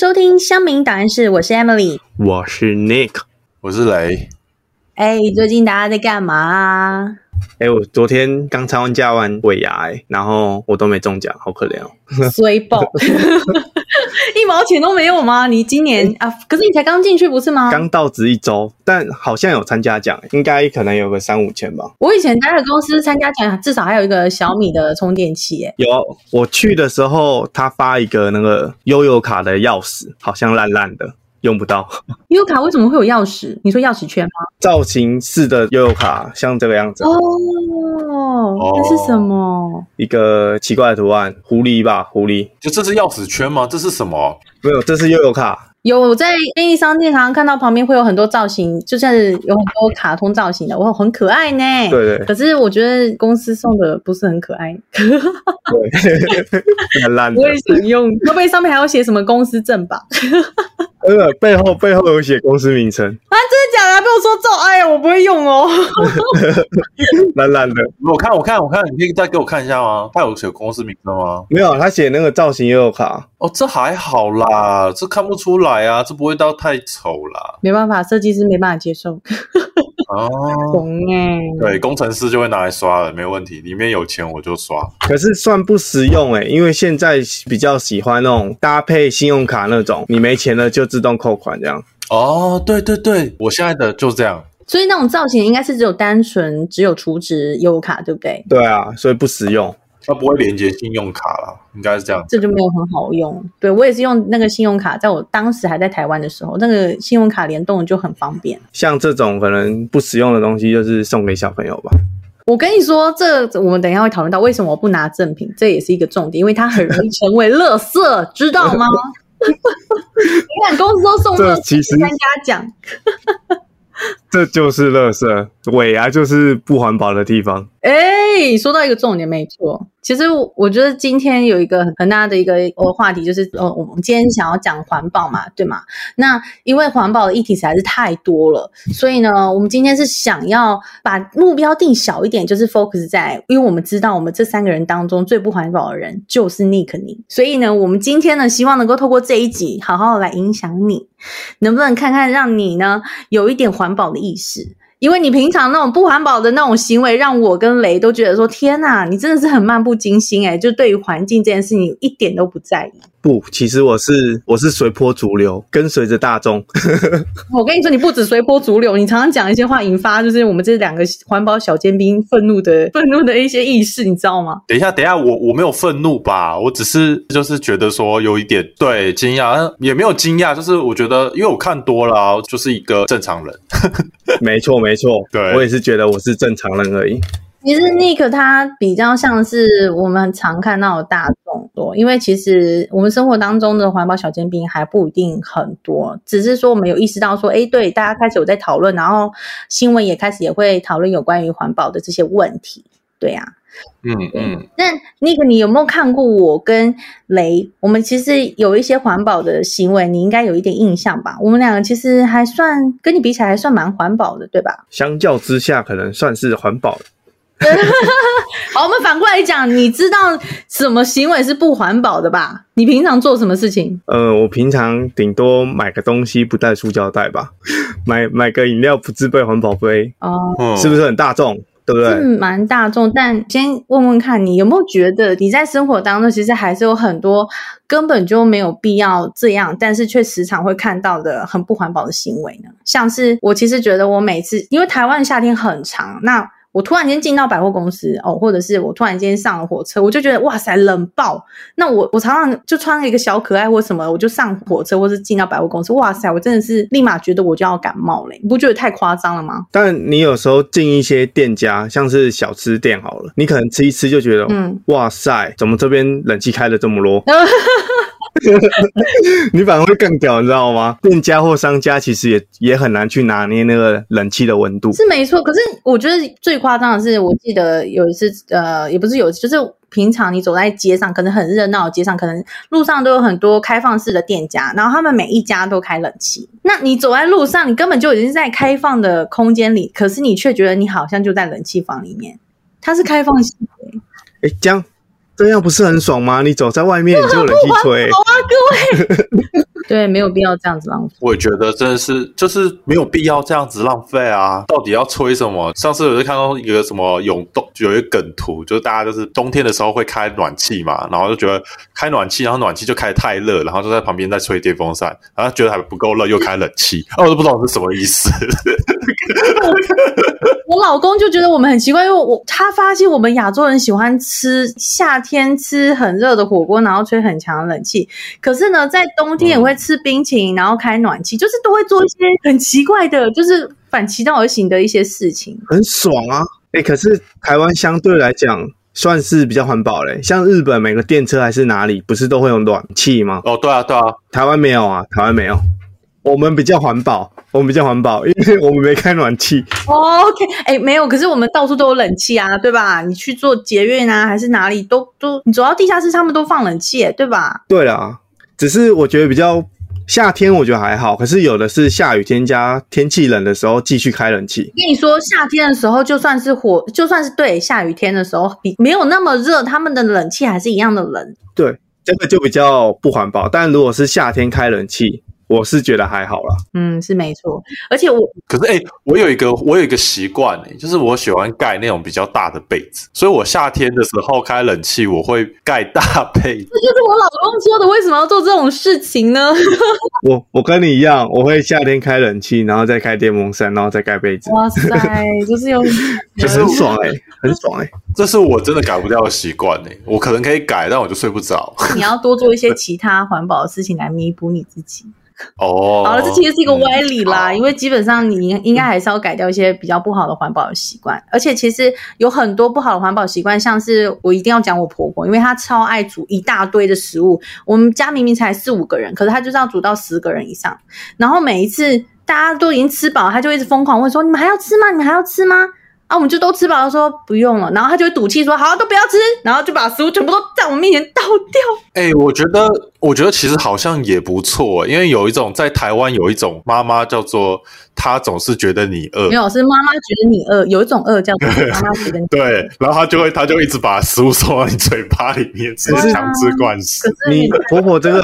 收聽鄉民檔案室，我是 Emily，我是 Nick，我是雷。哎、欸，最近大家在幹嘛、啊？哎、欸，我昨天剛參加完加完尾牙、欸，然後我都沒中獎，好可憐哦、喔。衰爆！一毛錢都沒有嗎？你今年、嗯、啊，可是你才剛進去不是嗎？剛到職一周，但好像有參加獎，應該可能有個三五千吧。我以前待的公司參加獎，至少還有一個小米的充電器耶。有，我去的時候他發一個那個悠遊卡的鑰匙，好像爛爛的。用不到悠遊 卡，為什麼會有鑰匙？你說鑰匙圈嗎？造型式的悠遊卡像這個樣子哦，這是什麼？哦、一個奇怪的圖案，狐狸吧，狐狸。就這是鑰匙圈嗎？這是什麼？沒有，這是悠遊卡。有在任意商店好像看到旁邊會有很多造型，就像是有很多卡通造型的，哇，很可愛呢。對對、對。可是我覺得公司送的不是很可愛。 對， 很爛的。不會用， 會不會上面還要寫什麼公司證吧？哈哈。呃、嗯，背後背後有寫公司名稱啊？真的假的？還被我說中。哎呀，我不會用哦。懶 懶 的，我看，我看，我看，你可以再給我看一下嗎？他有寫公司名稱嗎？沒有，他寫那個造型也有卡。哦，這還好啦，這看不出來啊，這不會到太醜啦。沒辦法，設計師沒辦法接受。 哦，紅、嗯。對，工程師就會拿來刷了，沒問題，裡面有錢我就刷。可是算不實用哎、欸，因為現在比較喜歡那種搭配信用卡那種，你沒錢了就自動扣款這樣。哦，對對對，我現在的就這樣。所以那種造型應該是只有單純，只有儲值悠遊卡，對不對？對啊，所以不實用。它不會連接信用卡了，應該是這樣。這就沒有很好用。對，我也是用那個信用卡，在我當時還在台灣的時候，那個信用卡聯動就很方便。像這種可能不實用的東西，就是送給小朋友吧。我跟你說，這我們等一下會討論到為什麼我不拿贈品，這也是一個重點，因為它很容易成為垃圾， 知道嗎？ 你看公司都送垃圾參加獎。 這就是垃圾，尾牙就是不環保的地方。哎、欸，說到一個重點，沒錯。其實我覺得今天有一個很大的一個話題，就是呃、哦，我們今天想要講環保嘛，對嗎？那因為環保的議題實在是太多了，所以呢，我們今天是想要把目標定小一點，就是 focus 在，因為我們知道我們這三個人當中最不環保的人就是 Nick 你，所以呢，我們今天呢，希望能夠透過這一集，好好的來影響你。能不能看看，讓你呢有一點環保的意識？因為你平常那種不環保的那種行為，讓我跟雷都覺得說：“天哪，你真的是很漫不經心欸！”就對於環境這件事情一點都不在意。不，其實我是我是隨波逐流，跟隨着大眾。 我跟你說，你不止隨波逐流，你常常講一些話，引發就是我們這兩個環保小尖兵憤怒的憤怒的一些意識，你知道嗎？等一下，等一下，我我沒有憤怒吧？我只是就是覺得說有一點對，驚訝，也沒有驚訝，就是我覺得因為我看多了，啊，就是一個正常人。 沒錯，沒錯，對，我也是覺得我是正常人而已。其實 Nick 他比較像是我們常看到的大眾多，因為其實我們生活當中的環保小尖兵還不一定很多，只是說我們有意識到說，哎，對，大家開始有在討論，然後新聞也開始也會討論有關於環保的這些問題，對呀。嗯嗯。那 Nick，你有沒有看過我跟雷？我們其實有一些環保的行為，你應該有一點印象吧？我們兩個其實還算跟你比起來還算蠻環保的，對吧？相較之下，可能算是環保。 好，我們反過來講，你知道什麼行為是不環保的吧？你平常做什麼事情？呃，我平常頂多買個東西不帶塑膠袋吧，買買個飲料不自備環保杯哦，是不是很大眾？哦、對不對？是蠻大眾。但先問問看你有沒有覺得你在生活當中其實還是有很多根本就沒有必要這樣，但是卻時常會看到的很不環保的行為呢？像是我其實覺得我每次因為台灣夏天很長，那我突然間進到百貨公司哦，或者是我突然間上了火車，我就覺得哇塞冷爆。那我我常常就穿了一個小可愛或什麼，我就上火車或是進到百貨公司，哇塞，我真的是立馬覺得我就要感冒了。你不覺得太誇張了嗎？但你有時候進一些店家，像是小吃店好了，你可能吃一吃就覺得，嗯，哇塞，怎麼這邊冷氣開得這麼多？ 你反而會更屌，你知道嗎？店家或商家其實也也很難去拿捏那個冷氣的溫度，是沒錯。可是我覺得最誇張的是，我記得有一次，呃，也不是有一次，就是平常你走在街上，可能很熱鬧的街上，可能路上都有很多開放式的店家，然後他們每一家都開冷氣。那你走在路上，你根本就已經在開放的空間裡，可是你卻覺得你好像就在冷氣房裡面。它是開放式的，哎、欸，這樣這樣不是很爽嗎？你走在外面 你就有冷氣吹、欸。欸各位， 對，沒有必要這樣子浪費。我也覺得真的是，就是沒有必要這樣子浪費啊！到底要吹什麼？上次我就看到一個什麼永動，有一個梗圖，就是大家就是冬天的時候會開暖氣嘛，然後就覺得開暖氣，然後暖氣就開得太熱，然後就在旁邊再吹電風扇，然後覺得還不夠熱，又開冷氣。 哦，我都不知道是什麼意思。 我老公就覺得我們很奇怪，因為我他發現我們亞洲人喜歡吃夏天吃很熱的火鍋，然後吹很強的冷氣。可是呢，在冬天也會吃冰淇淋，嗯、然後開暖氣，就是都會做一些很奇怪的，就是反其道而行的一些事情，很爽啊！哎、欸，可是台灣相對來講算是比較環保嘞，像日本每個電車還是哪裡不是都會有暖氣嗎？哦，對啊，對啊，台灣沒有啊，台灣沒有，我們比較環保，我們比較環保，因為我們沒開暖氣。嗯 哦、OK，哎、欸，沒有，可是我們到處都有冷氣啊，對吧？你去做捷運啊，還是哪裡都都，你走到地下室他們都放冷氣、欸，對吧？對啊。只是我覺得比較夏天，我覺得還好。可是有的是下雨天加天氣冷的時候繼續開冷氣。跟你說，夏天的時候就算是火，就算是對下雨天的時候，比沒有那麼熱，他們的冷氣還是一樣的冷。對，這個就比較不環保。但如果是夏天開冷氣。我是覺得還好啦，嗯，是沒錯，而且我可是哎、欸，我有一個我有一個習慣呢，就是我喜歡蓋那種比較大的被子，所以我夏天的時候開冷氣，我會蓋大被子。這 就是我老公說的，為什麼要做這種事情呢？ 我我跟你一樣，我會夏天開冷氣，然後再開電風扇，然後再蓋被子。 哇塞，就是有，就是很爽哎、欸，很爽哎、欸， 這是我真的改不掉的習慣哎，我可能可以改，但我就睡不着。 你要多做一些其他環保的事情來彌補你自己。哦，oh, 好了，這其實是一個歪理啦，嗯、因為基本上你應該還是要改掉一些比較不好的環保的習慣，嗯、而且其實有很多不好的環保習慣，像是我一定要講我婆婆，因為她超愛煮一大堆的食物，我們家明明才四五個人，可是她就是要煮到十個人以上，然後每一次大家都已經吃飽，她就一直瘋狂問說：“你們還要吃嗎？你們還要吃嗎？”啊，我們就都吃飽了，說不用了，然後他就會賭氣說好，都不要吃，然後就把食物全部都在我面前倒掉。哎、欸，我覺得，我覺得其實好像也不錯，因為有一種在台灣有一種媽媽叫做，她總是覺得你餓，沒有是媽媽覺得你餓，有一種餓叫做媽媽覺得你餓對。對，然後他就會，他就一直把食物送到你嘴巴裡面，對吃強制灌食。啊、 你婆婆這個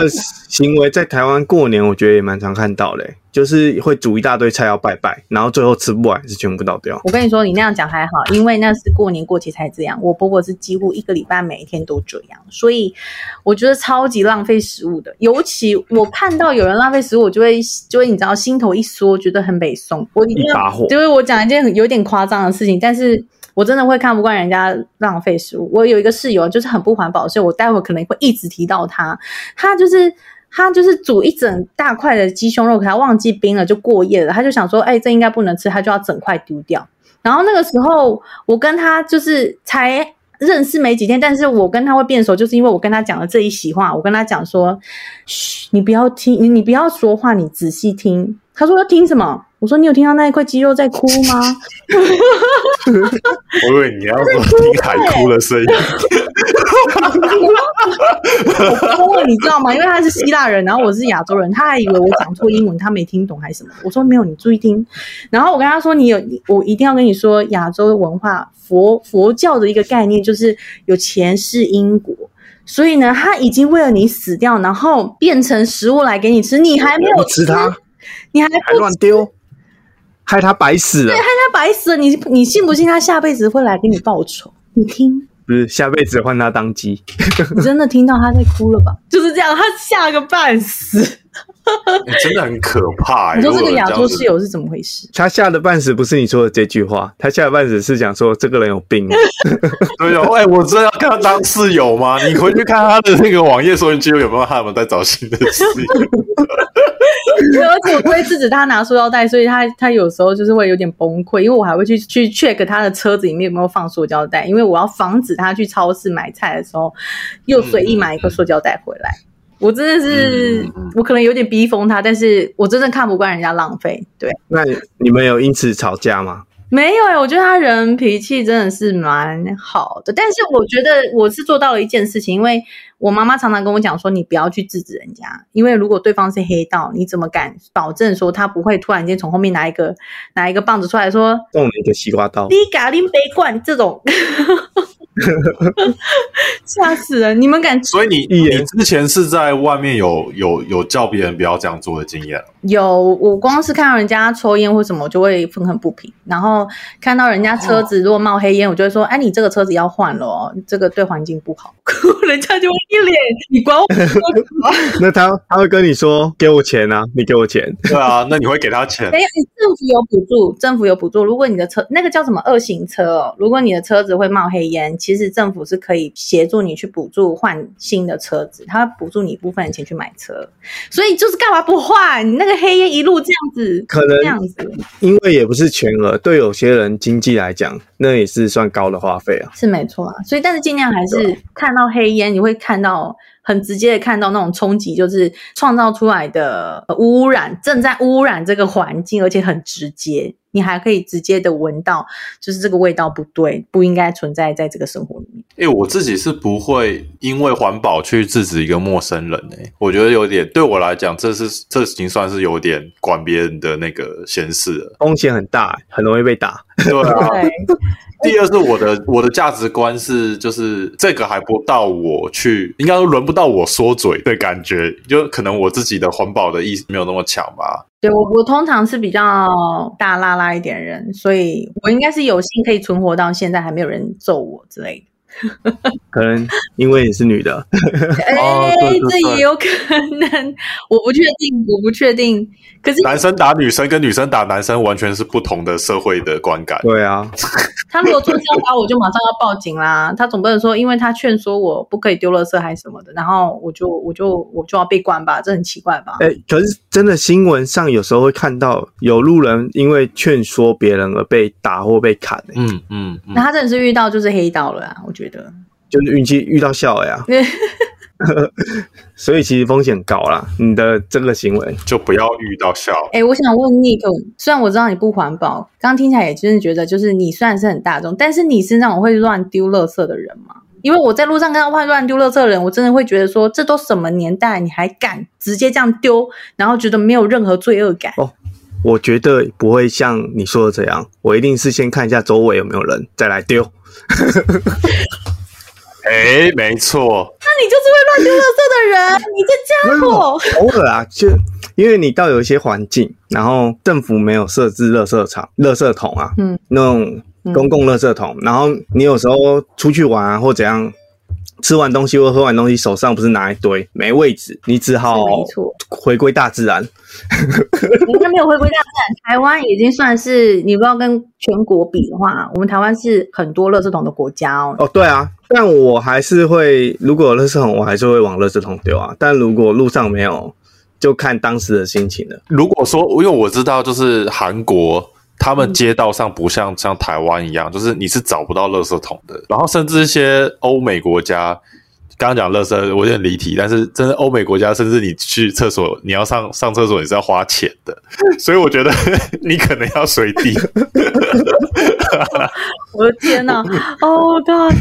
行為在台灣過年，我覺得也蠻常看到嘞。就是會煮一大堆菜要拜拜，然後最後吃不完是全部倒掉。我跟你說，你那樣講還好，因為那是過年過節才這樣。我婆婆是幾乎一個禮拜每一天都這樣，所以我覺得超級浪費食物的。尤其我看到有人浪費食物，我就會就會你知道心頭一縮，覺得很悲痛。我你發火，就是我講一件有點誇張的事情，但是我真的會看不慣人家浪費食物。我有一個室友就是很不環保，所以我待會可能會一直提到他。他就是。他就是煮一整大塊的雞胸肉，可他忘記冰了，就過夜了。他就想說，哎、欸，這應該不能吃，他就要整塊丟掉。然後那個時候，我跟他就是才認識沒幾天，但是我跟他會變熟，就是因為我跟他講了這一席話。我跟他講說，噓，你不要聽，你、你不要說話，你仔細聽。他說要聽什麼？我說你有聽到那一塊雞肉在哭嗎？我以為，哈哈，你要說，聽海哭的聲音。 我瘋了，你知道嗎？因為他是希臘人，然後我是亞洲人，他還以為我講錯英文，他沒聽懂還是什麼。我說沒有，你注意聽。然後我跟他說：“你有，我一定要跟你說，亞洲文化佛佛教的一個概念就是有前世因果。所以呢，他已經為了你死掉，然後變成食物來給你吃，你還沒有吃，吃他，你還亂丟，害他白死了。對，害他白死了。你你信不信他下輩子會來給你報仇？你聽。”不是下輩子換他當雞， 你真的聽到他在哭了吧？就是這樣，他嚇個半死。欸、真的很可怕哎、欸！你說這個亞洲室友是怎麼回事？他嚇得半死，不是你說的這句話，他嚇得半死是講說這個人有病、啊。 對呀、哦，喂、欸，我真的要跟他當室友嗎？你回去看他的那個網頁說索引有沒有他們在找新的室友。 而且我會制止他拿塑膠袋，所以他他有時候就是會有點崩潰，因為我還會去去 check 他的車子裡面有沒有放塑膠袋，因為我要防止他去超市買菜的時候又隨意買一個塑膠袋回來。嗯我真的是，嗯、我可能有點逼瘋他，但是我真的看不慣人家浪費。對，那你們有因此吵架嗎？沒有哎、欸，我覺得他人脾氣真的是蠻好的，但是我覺得我是做到了一件事情，因為我媽媽常常跟我講說，你不要去制止人家，因為如果對方是黑道，你怎麼敢保證說他不會突然間從後面拿一個拿一個棒子出來說，送你一個西瓜刀，你敢喱杯罐這種。 嚇 死了！你們敢？所以你你之前是在外面有有有叫別人不要這樣做的經驗？有，我光是看到人家抽菸或什麼，就會憤恨不平。然後看到人家車子如果冒黑煙，我就會說：“哎、哦，啊、你這個車子要換了哦，這個對環境不好。”人家就。 一臉，你管我 那他他會跟你說，給我錢啊！你給我錢， 對啊，那你會給他錢。沒有、哎，政府有補助，政府有補助。如果你的車那個叫什麼二行程車哦，如果你的車子會冒黑煙，其實政府是可以協助你去補助換新的車子，他會補助你一部分錢去買車。所以就是幹嘛不換？你那個黑煙一路這樣子，可能這樣子，因為也不是全額。對有些人經濟來講，那也是算高的花費啊，是沒錯啊。所以但是盡量還是看到黑煙，你會看。到很直接的看到那種衝擊，就是創造出來的污染，正在污染這個環境，而且很直接。你還可以直接的聞到，就是這個味道不對，不應該存在在這個生活裡面。誒、欸、我自己是不會因為環保去制止一個陌生人誒、欸、我覺得有點對我來講，這是這已經算是有點管別人的那個閒事了。風險很大，很容易被打， 對吧？ 第二是我的我的價值觀是，就是這個還不到我去，應該都輪不到我說嘴的感覺，就可能我自己的環保的意識沒有那麼強吧。對，我，我通常是比較大剌剌一點人，所以我應該是有幸可以存活到現在，還沒有人揍我之類的。 可能因為你是女的，哎，這也有可能，我不確定，我不確定。可是男生打女生跟女生打男生完全是不同的社會的觀感。對啊， 他如果做這樣我就馬上要報警啦。他總不能說，因為他勸說我不可以丟垃圾還什麼的，然後我就我就我就要被關吧，這很奇怪吧？哎、欸，可是真的新聞上有時候會看到有路人因為勸說別人而被打或被砍，欸嗯。嗯嗯，那他真的是遇到就是黑道了啊，我覺得。覺得就是運氣遇到笑了呀， 所以其實風險高了。你的這個行為就不要遇到笑。哎、欸，我想問你，Nick 雖然我知道你不環保，剛剛聽起來也真的覺得就是你算是很大眾，但是你是那種會亂丟垃圾的人嗎？因為我在路上看到亂丟垃圾的人，我真的會覺得說，這都什麼年代，你還敢直接這樣丟，然後覺得沒有任何罪惡感哦。我絕對不會像你說的這樣，我一定是先看一下周圍有沒有人，再來丟。呵呵呵呵，哎、 欸，沒錯。那你就是會亂丟垃圾的人，你這家伙、嗯。偶爾啊，就因為你到有一些環境，然後政府沒有設置垃圾場、垃圾桶啊，嗯，那種公共垃圾桶，嗯嗯、然後你有時候出去玩、啊、或怎樣。吃完東西或喝完東西，手上不是拿一堆，沒位置，你只好回歸大自然。 你還沒有回歸大自然，台灣已經算是你不要跟全國比的話，我們台灣是很多垃圾桶的國家哦。哦，對啊，但我還是會，如果有垃圾桶，我還是會往垃圾桶丟啊。但如果路上沒有，就看當時的心情了。如果說，因為我知道，就是韓國。他們街道上不像像台灣一樣，嗯、就是你是找不到垃圾桶的。然後甚至一些歐美國家，剛剛講垃圾我有點離題，但是真的歐美國家，甚至你去廁所，你要上上廁所也是要花錢的。所以我覺得 你可能要隨地。我的天吶、啊、Oh God！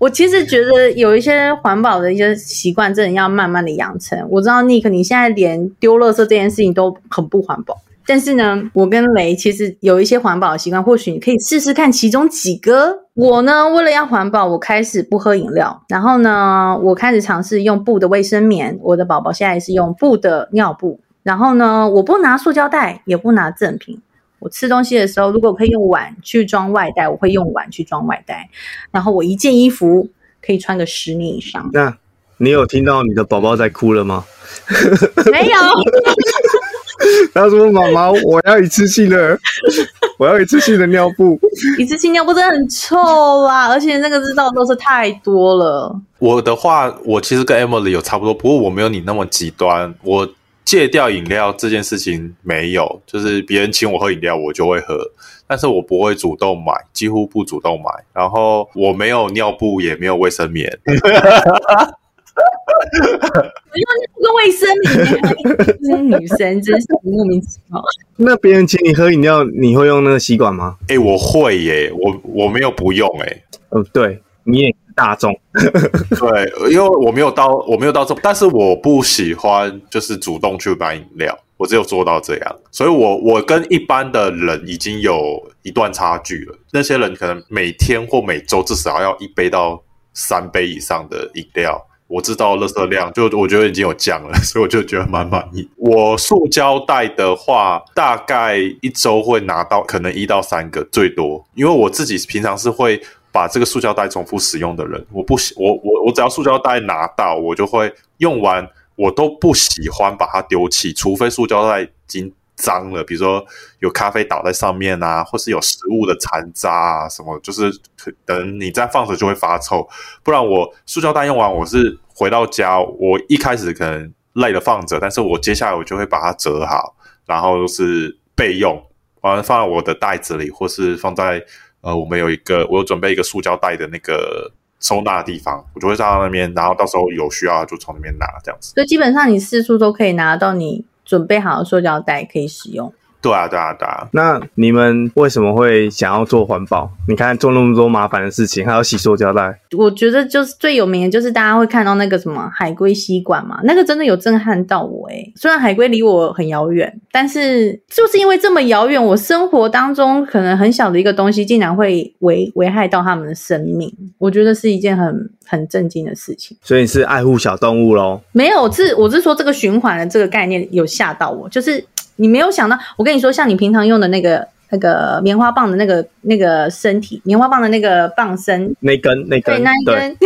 我其實覺得有一些環保的一些習慣，真的要慢慢的養成。我知道 Nick，你現在連丟垃圾這件事情都很不環保。但是呢，我跟鐳其實有一些環保的習慣，或許你可以試試看其中幾個。我呢，為了要環保，我開始不喝飲料，然後呢，我開始嘗試用布的衛生棉。我的寶寶現在是用布的尿布，然後呢，我不拿塑膠袋，也不拿贈品。我吃東西的時候，如果可以用碗去裝外帶，我會用碗去裝外帶。然後我一件衣服可以穿個十年以上。那你有聽到你的寶寶在哭了嗎？ 沒有。 他說：“媽媽，我要一次性的，我要一次性的尿布。一次性尿布真的很臭啊，而且那個日照都是太多了。我的話，我其實跟 Emily 有差不多，不過我沒有你那麼極端。我戒掉飲料這件事情沒有，就是別人請我喝飲料，我就會喝，但是我不會主動買，幾乎不主動買。然後我沒有尿布，也沒有衛生棉。” 用 那個衛生巾，生女生 真是莫名其妙。那別人請你喝飲料，你會用那個吸管嗎？哎、欸，我會耶，我我沒有不用耶。嗯，對，你也大眾。 對，因為我沒有到，我沒有到這，但是我不喜歡就是主動去買飲料，我只有做到這樣，所以我我跟一般的人已經有一段差距了。那些人可能每天或每周至少要一杯到三杯以上的飲料。我知道垃圾量，就我覺得已經有降了，所以我就覺得蠻滿意。我塑膠袋的話，大概一周會拿到，可能一到三個，最多。因為我自己平常是會把這個塑膠袋重複使用的人，我不喜我我我只要塑膠袋拿到，我就會用完，我都不喜歡把它丟棄，除非塑膠袋已經。髒了，比如說有咖啡倒在上面啊，或是有食物的殘渣啊，什麼就是等你再放着，就會發臭。不然我塑膠袋用完，我是回到家，我一開始可能累了放着，但是我接下來我就會把它折好，然後就是備用，完了放在我的袋子裡，或是放在呃，我們有一個我有準備一個塑膠袋的那個收納的地方，我就會放到那邊，然後到時候有需要就從那邊拿，這樣子。所以基本上你四處都可以拿到你準備好塑膠袋，可以使用。對啊，對啊，對啊。那你們為什麼會想要做環保？你看做那麼多麻煩的事情，還要洗塑膠袋。我覺得就是最有名的，就是大家會看到那個什麼海龜吸管嘛，那個真的有震撼到我誒、欸、雖然海龜離我很遙遠，但是就是因為這麼遙遠，我生活當中可能很小的一個東西，竟然會危危害到他們的生命，我覺得是一件很很震驚的事情。所以你是愛護小動物嘍？沒有，是我是說這個循環的這個概念有嚇到我，就是。你沒有想到，我跟你說，像你平常用的那個那個棉花棒的那個那個身體，棉花棒的那個棒身，那根那根，對那根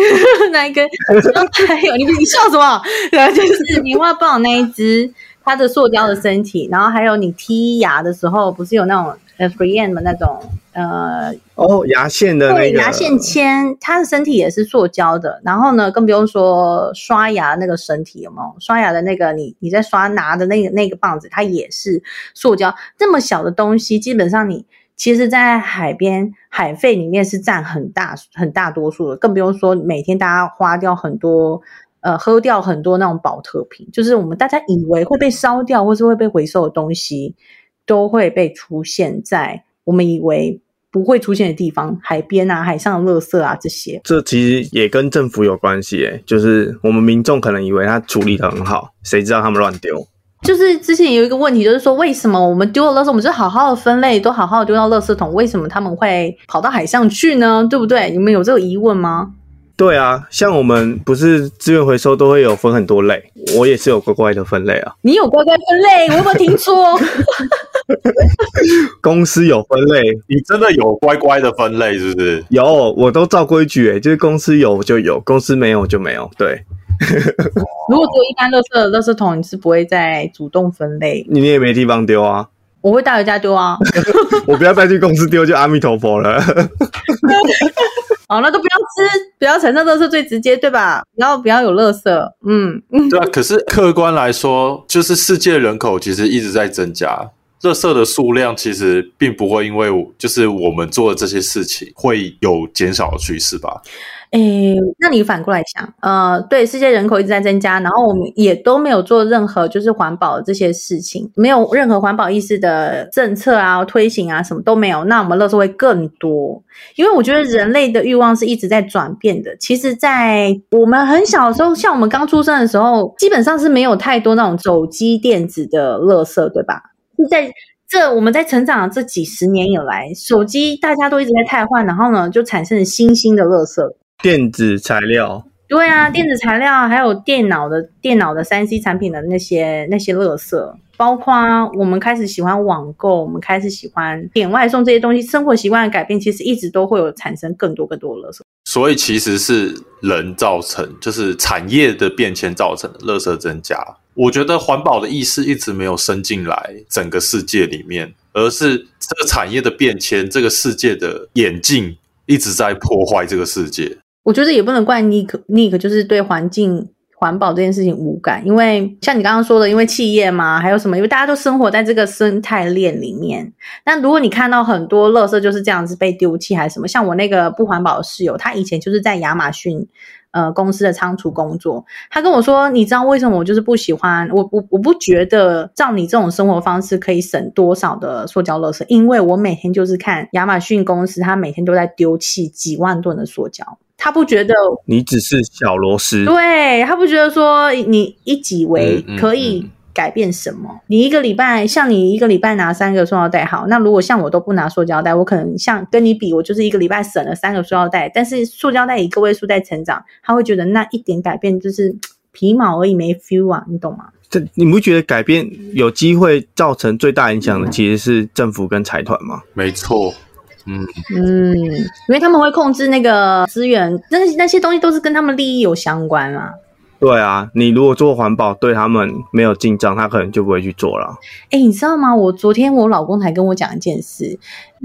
那根，然後還有你你笑什麼？然後 就是棉花棒那一支，它的塑膠的身體， 然後還有你剔牙的時候，不是有那種。是 b r n 嘛那種，呃，哦，牙線的，那個，對，牙線籤，它的身體也是塑膠的。然後呢，更不用說刷牙那個身體有沒有？刷牙的那個，你你在刷拿的那個那個棒子，它也是塑膠。這麼小的東西，基本上你其實，在海邊海廢裡面是佔很大很大多數的。更不用說每天大家花掉很多，呃，喝掉很多那種寶特瓶，就是我們大家以為會被燒掉或是會被回收的東西。都會被出現在我們以為不會出現的地方，海邊啊，海上的垃圾啊，這些。這其實也跟政府有關係耶，就是我們民眾可能以為他處理得很好，誰知道他們亂丟？就是之前有一個問題，就是說為什麼我們丟了垃圾，我們就好好的分類，都好好的丟到垃圾桶，為什麼他們會跑到海上去呢？對不對？你們有這個疑問嗎？對啊，像我們不是資源回收都會有分很多類，我也是有乖乖的分類啊。你有乖乖分類？我有沒有聽錯？ 公司有分類，你真的有乖乖的分類是不是？有，我都照規矩哎、欸，就是公司有就有，公司沒有就沒有。對， 如果只有一般樂色的樂色桶，你是不會再主動分類，你也沒地方丟啊。我會帶回家丟啊， 我不要再去公司丟，就阿彌陀佛了。 好，那都不要吃，不要產生樂色最直接對吧？然後不要有樂色，嗯嗯， 對啊。可是客觀來說，就是世界人口其實一直在增加。垃圾的數量其實並不會因為就是我們做的這些事情會有減少的趨勢吧？誒、欸，那你反過來想，呃，對，世界人口一直在增加，然後我們也都沒有做任何就是環保的這些事情，沒有任何環保意識的政策啊、推行啊什麼都沒有，那我們垃圾會更多。因為我覺得人類的慾望是一直在轉變的。其實，在我們很小的時候，像我們剛出生的時候，基本上是沒有太多那種手機電子的垃圾，對吧？是在這我們在成長的這幾十年以來，手機大家都一直在汰換，然後呢就產生了新興的垃圾。電子材料，對啊，電子材料還有電腦的電腦的三 C 產品的那些那些垃圾，包括我們開始喜歡網購，我們開始喜歡點外送這些東西，生活習慣的改變，其實一直都會有產生更多更多的垃圾。所以其實是人造成，就是產業的變遷造成的垃圾增加。我覺得環保的意識一直沒有升進來整個世界裡面，而是這個產業的變遷，這個世界的演進一直在破壞這個世界。我覺得也不能怪尼克，尼克就是對環境環保這件事情無感，因為像你剛剛說的，因為企業嘛，還有什麼，因為大家都生活在這個生態鏈裡面。那如果你看到很多垃圾就是這樣子被丟棄，還是什麼，像我那個不環保的室友，他以前就是在亞馬遜。呃，公司的倉儲工作，他跟我說，你知道為什麼我就是不喜歡，我我我不覺得照你這種生活方式可以省多少的塑膠垃圾，因為我每天就是看亞馬遜公司，他每天都在丟棄幾萬噸的塑膠，他不覺得你只是小螺絲，對，他不覺得說你一己為可以。嗯嗯嗯改變什麼？你一個禮拜，像你一個禮拜拿三個塑料袋好，那如果像我都不拿塑料袋，我可能像跟你比，我就是一個禮拜省了三個塑料袋。但是塑料袋一個位數在成長，他會覺得那一點改變就是皮毛而已，沒 feel 啊，你懂嗎？這你不覺得改變有機會造成最大影響的其實是政府跟財團嗎？沒錯，嗯嗯，因為他們會控制那個資源，那那些東西都是跟他們利益有相關啊。對啊，你如果做環保，對他們沒有進賬，他可能就不會去做了。誒、欸、你知道嗎？我昨天我老公才跟我講一件事，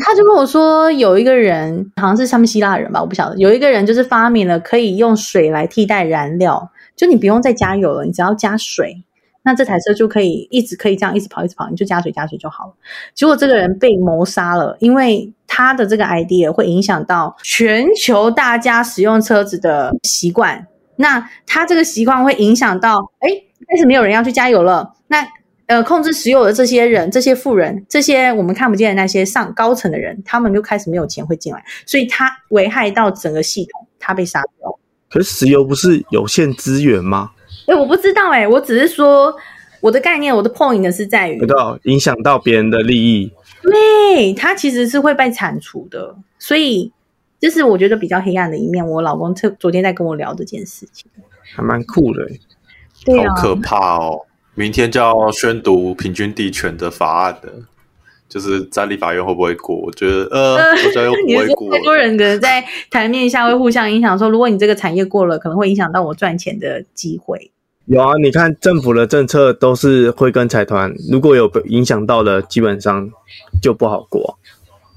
他就跟我說，有一個人好像是上面希臘人吧，我不曉得，有一個人就是發明了可以用水來替代燃料，就你不用再加油了，你只要加水，那這台車就可以一直可以這樣一直跑，一直跑，你就加水加水就好了。結果這個人被謀殺了，因為他的這個 idea 會影響到全球大家使用車子的習慣。那他這個習慣會影響到，哎，開始沒有人要去加油了。那呃，控制石油的這些人、這些富人、這些我們看不見的那些上高層的人，他們就開始沒有錢會進來，所以他危害到整個系統，他被殺掉。可是石油不是有限資源嗎？哎，我不知道哎、欸，我只是說我的概念，我的 point 呢是在於，不知道影響到別人的利益。對，他其實是會被鏟除的，所以。這是我覺得比較黑暗的一面，我老公特昨天在跟我聊這件事情，還蠻酷的，對、啊，好可怕哦！明天就要宣讀平均地權的法案了，就是在立法院會不會過？我覺得呃，我覺得我會不會過。太多 人的在台面下會互相影響說，說如果你這個產業過了，可能會影響到我賺錢的機會。有啊，你看政府的政策都是會跟財團，如果有影響到了，基本上就不好過。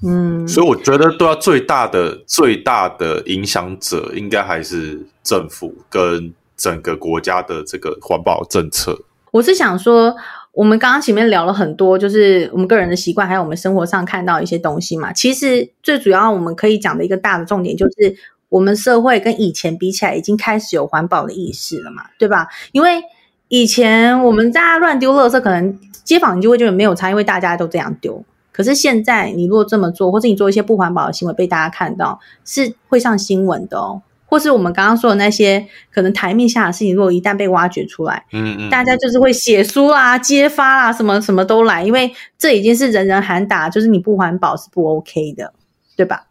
嗯，所以我覺得對他最大的、最大的影響者，應該還是政府跟整個國家的這個環保政策。我是想說，我們剛剛前面聊了很多，就是我們個人的習慣，還有我們生活上看到的一些東西嘛。其實最主要我們可以講的一個大的重點，就是我們社會跟以前比起來，已經開始有環保的意識了嘛，對吧？因為以前我們大家亂丟垃圾，可能街坊就會覺得沒有差，因為大家都這樣丟。可是現在，你如果這麼做，或者你做一些不環保的行為被大家看到，是會上新聞的哦，或是我們剛剛說的那些可能台面下的事情，如果一旦被挖掘出來，嗯,嗯嗯，大家就是會寫書啦、啊、揭發啦、啊，什麼什麼都來，因為這已經是人人喊打，就是你不環保是不 OK 的，對吧？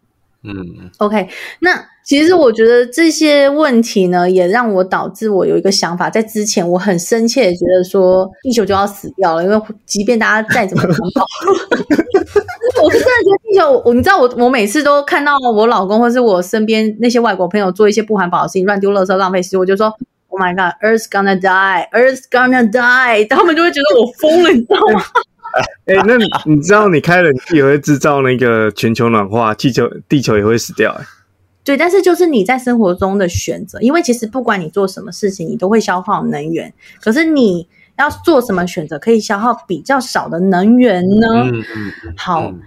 嗯，OK，那。其實我覺得這些問題呢，也讓我導致我有一個想法。在之前，我很深切的覺得說地球就要死掉了，因為即便大家再怎麼環保， 我是真的覺得地球。你知道我，我我每次都看到我老公或是我身邊那些外國朋友做一些不環保的事情，亂丟垃圾浪費時間、浪費，所以我就說：“Oh my god, Earth's gonna die, Earth's gonna die。”他們就會覺得我瘋了， 你知道嗎？哎，哎，那你，你知道，你開冷氣也會制造那個全球暖化，地球地球也會死掉，對，但是就是你在生活中的選擇，因為其實不管你做什麼事情，你都會消耗能源。可是你要做什麼選擇可以消耗比較少的能源呢？嗯、嗯好，嗯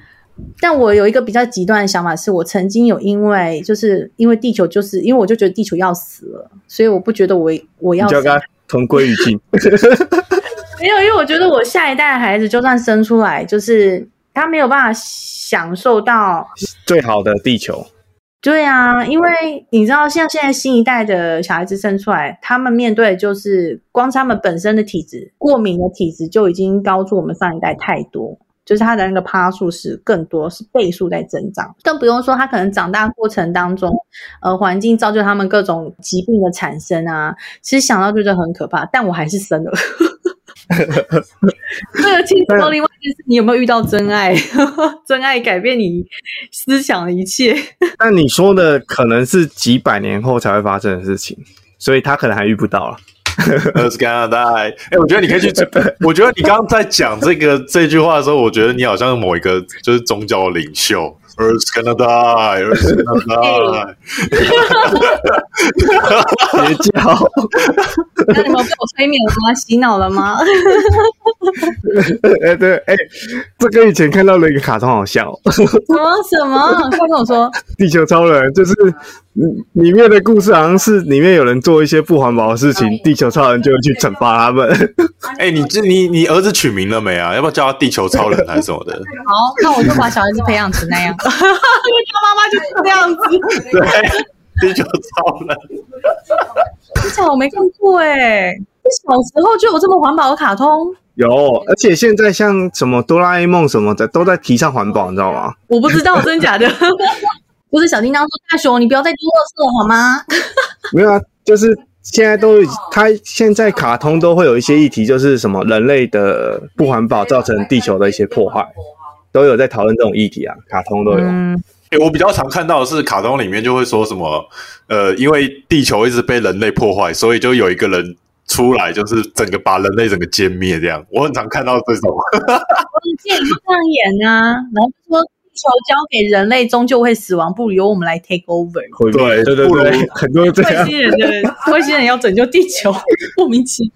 但我有一個比較極端的想法是，是我曾經有因為就是因為地球就是因為我就覺得地球要死了，所以我不覺得我我要跟他同歸於盡。 沒有，因為我覺得我下一代的孩子就算生出來，就是他沒有辦法享受到最好的地球。對啊，因為你知道，像現在新一代的小孩子生出來，他們面對的就是光是他們本身的體質，過敏的體質就已經高出我們上一代太多，就是他的那個趴數是更多，是倍數在增長，更不用說他可能長大過程當中，呃，環境造就他們各種疾病的產生啊，其實想到就是很可怕，但我還是生了。 這 個其實到另外一件事，你有沒有遇到真愛？ 真愛改變你思想的一切。 那你說的可能是幾百年後才會發生的事情，所以他可能還遇不到了。Us g 哎，hey, 我覺得你可以去。我覺得你剛剛在講這個 這句話的時候，我覺得你好像是某一個就是宗教領袖。Earth's gonna die, Earth's gonna die。別叫！那你們被我催眠了嗎， 洗腦了嗎？ 欸、對，欸、這跟以前看到的一個卡通，好笑，哦 什。什麼什麼？快跟我說！地球超人就是。嗯裡面的故事好像是裡面有人做一些不環保的事情，地球超人就會去懲罰他們。哎、欸，你這你你兒子取名了沒啊？要不要叫他地球超人還是什麼的？好，那我就把小孩子培養成那樣，因為 他媽媽就是這樣子。對，對對地球超人。我操，我沒看過哎、欸！小時候就有這麼環保的卡通？有，而且現在像什麼哆啦 A 夢什麼的都在提倡環保，你知道嗎？我不知道真假的。 不是小叮噹說：“大熊，你不要再丟垃圾了，好嗎？” 沒有啊，就是現在都，它現在卡通都會有一些議題，就是什麼人類的不環保造成地球的一些破壞，都有在討論這種議題啊。卡通都有。哎、嗯，欸，我比較常看到的是卡通裡面就會說什麼，呃，因為地球一直被人類破壞，所以就有一個人出來，就是整個把人類整個殲滅這樣。我很常看到這種。我見你就上演啊，然後說。地球交給人類，終究會死亡，不如由我們來 take over。對，對對對，然對，很多外星人，外星人要拯救地球，莫名其妙。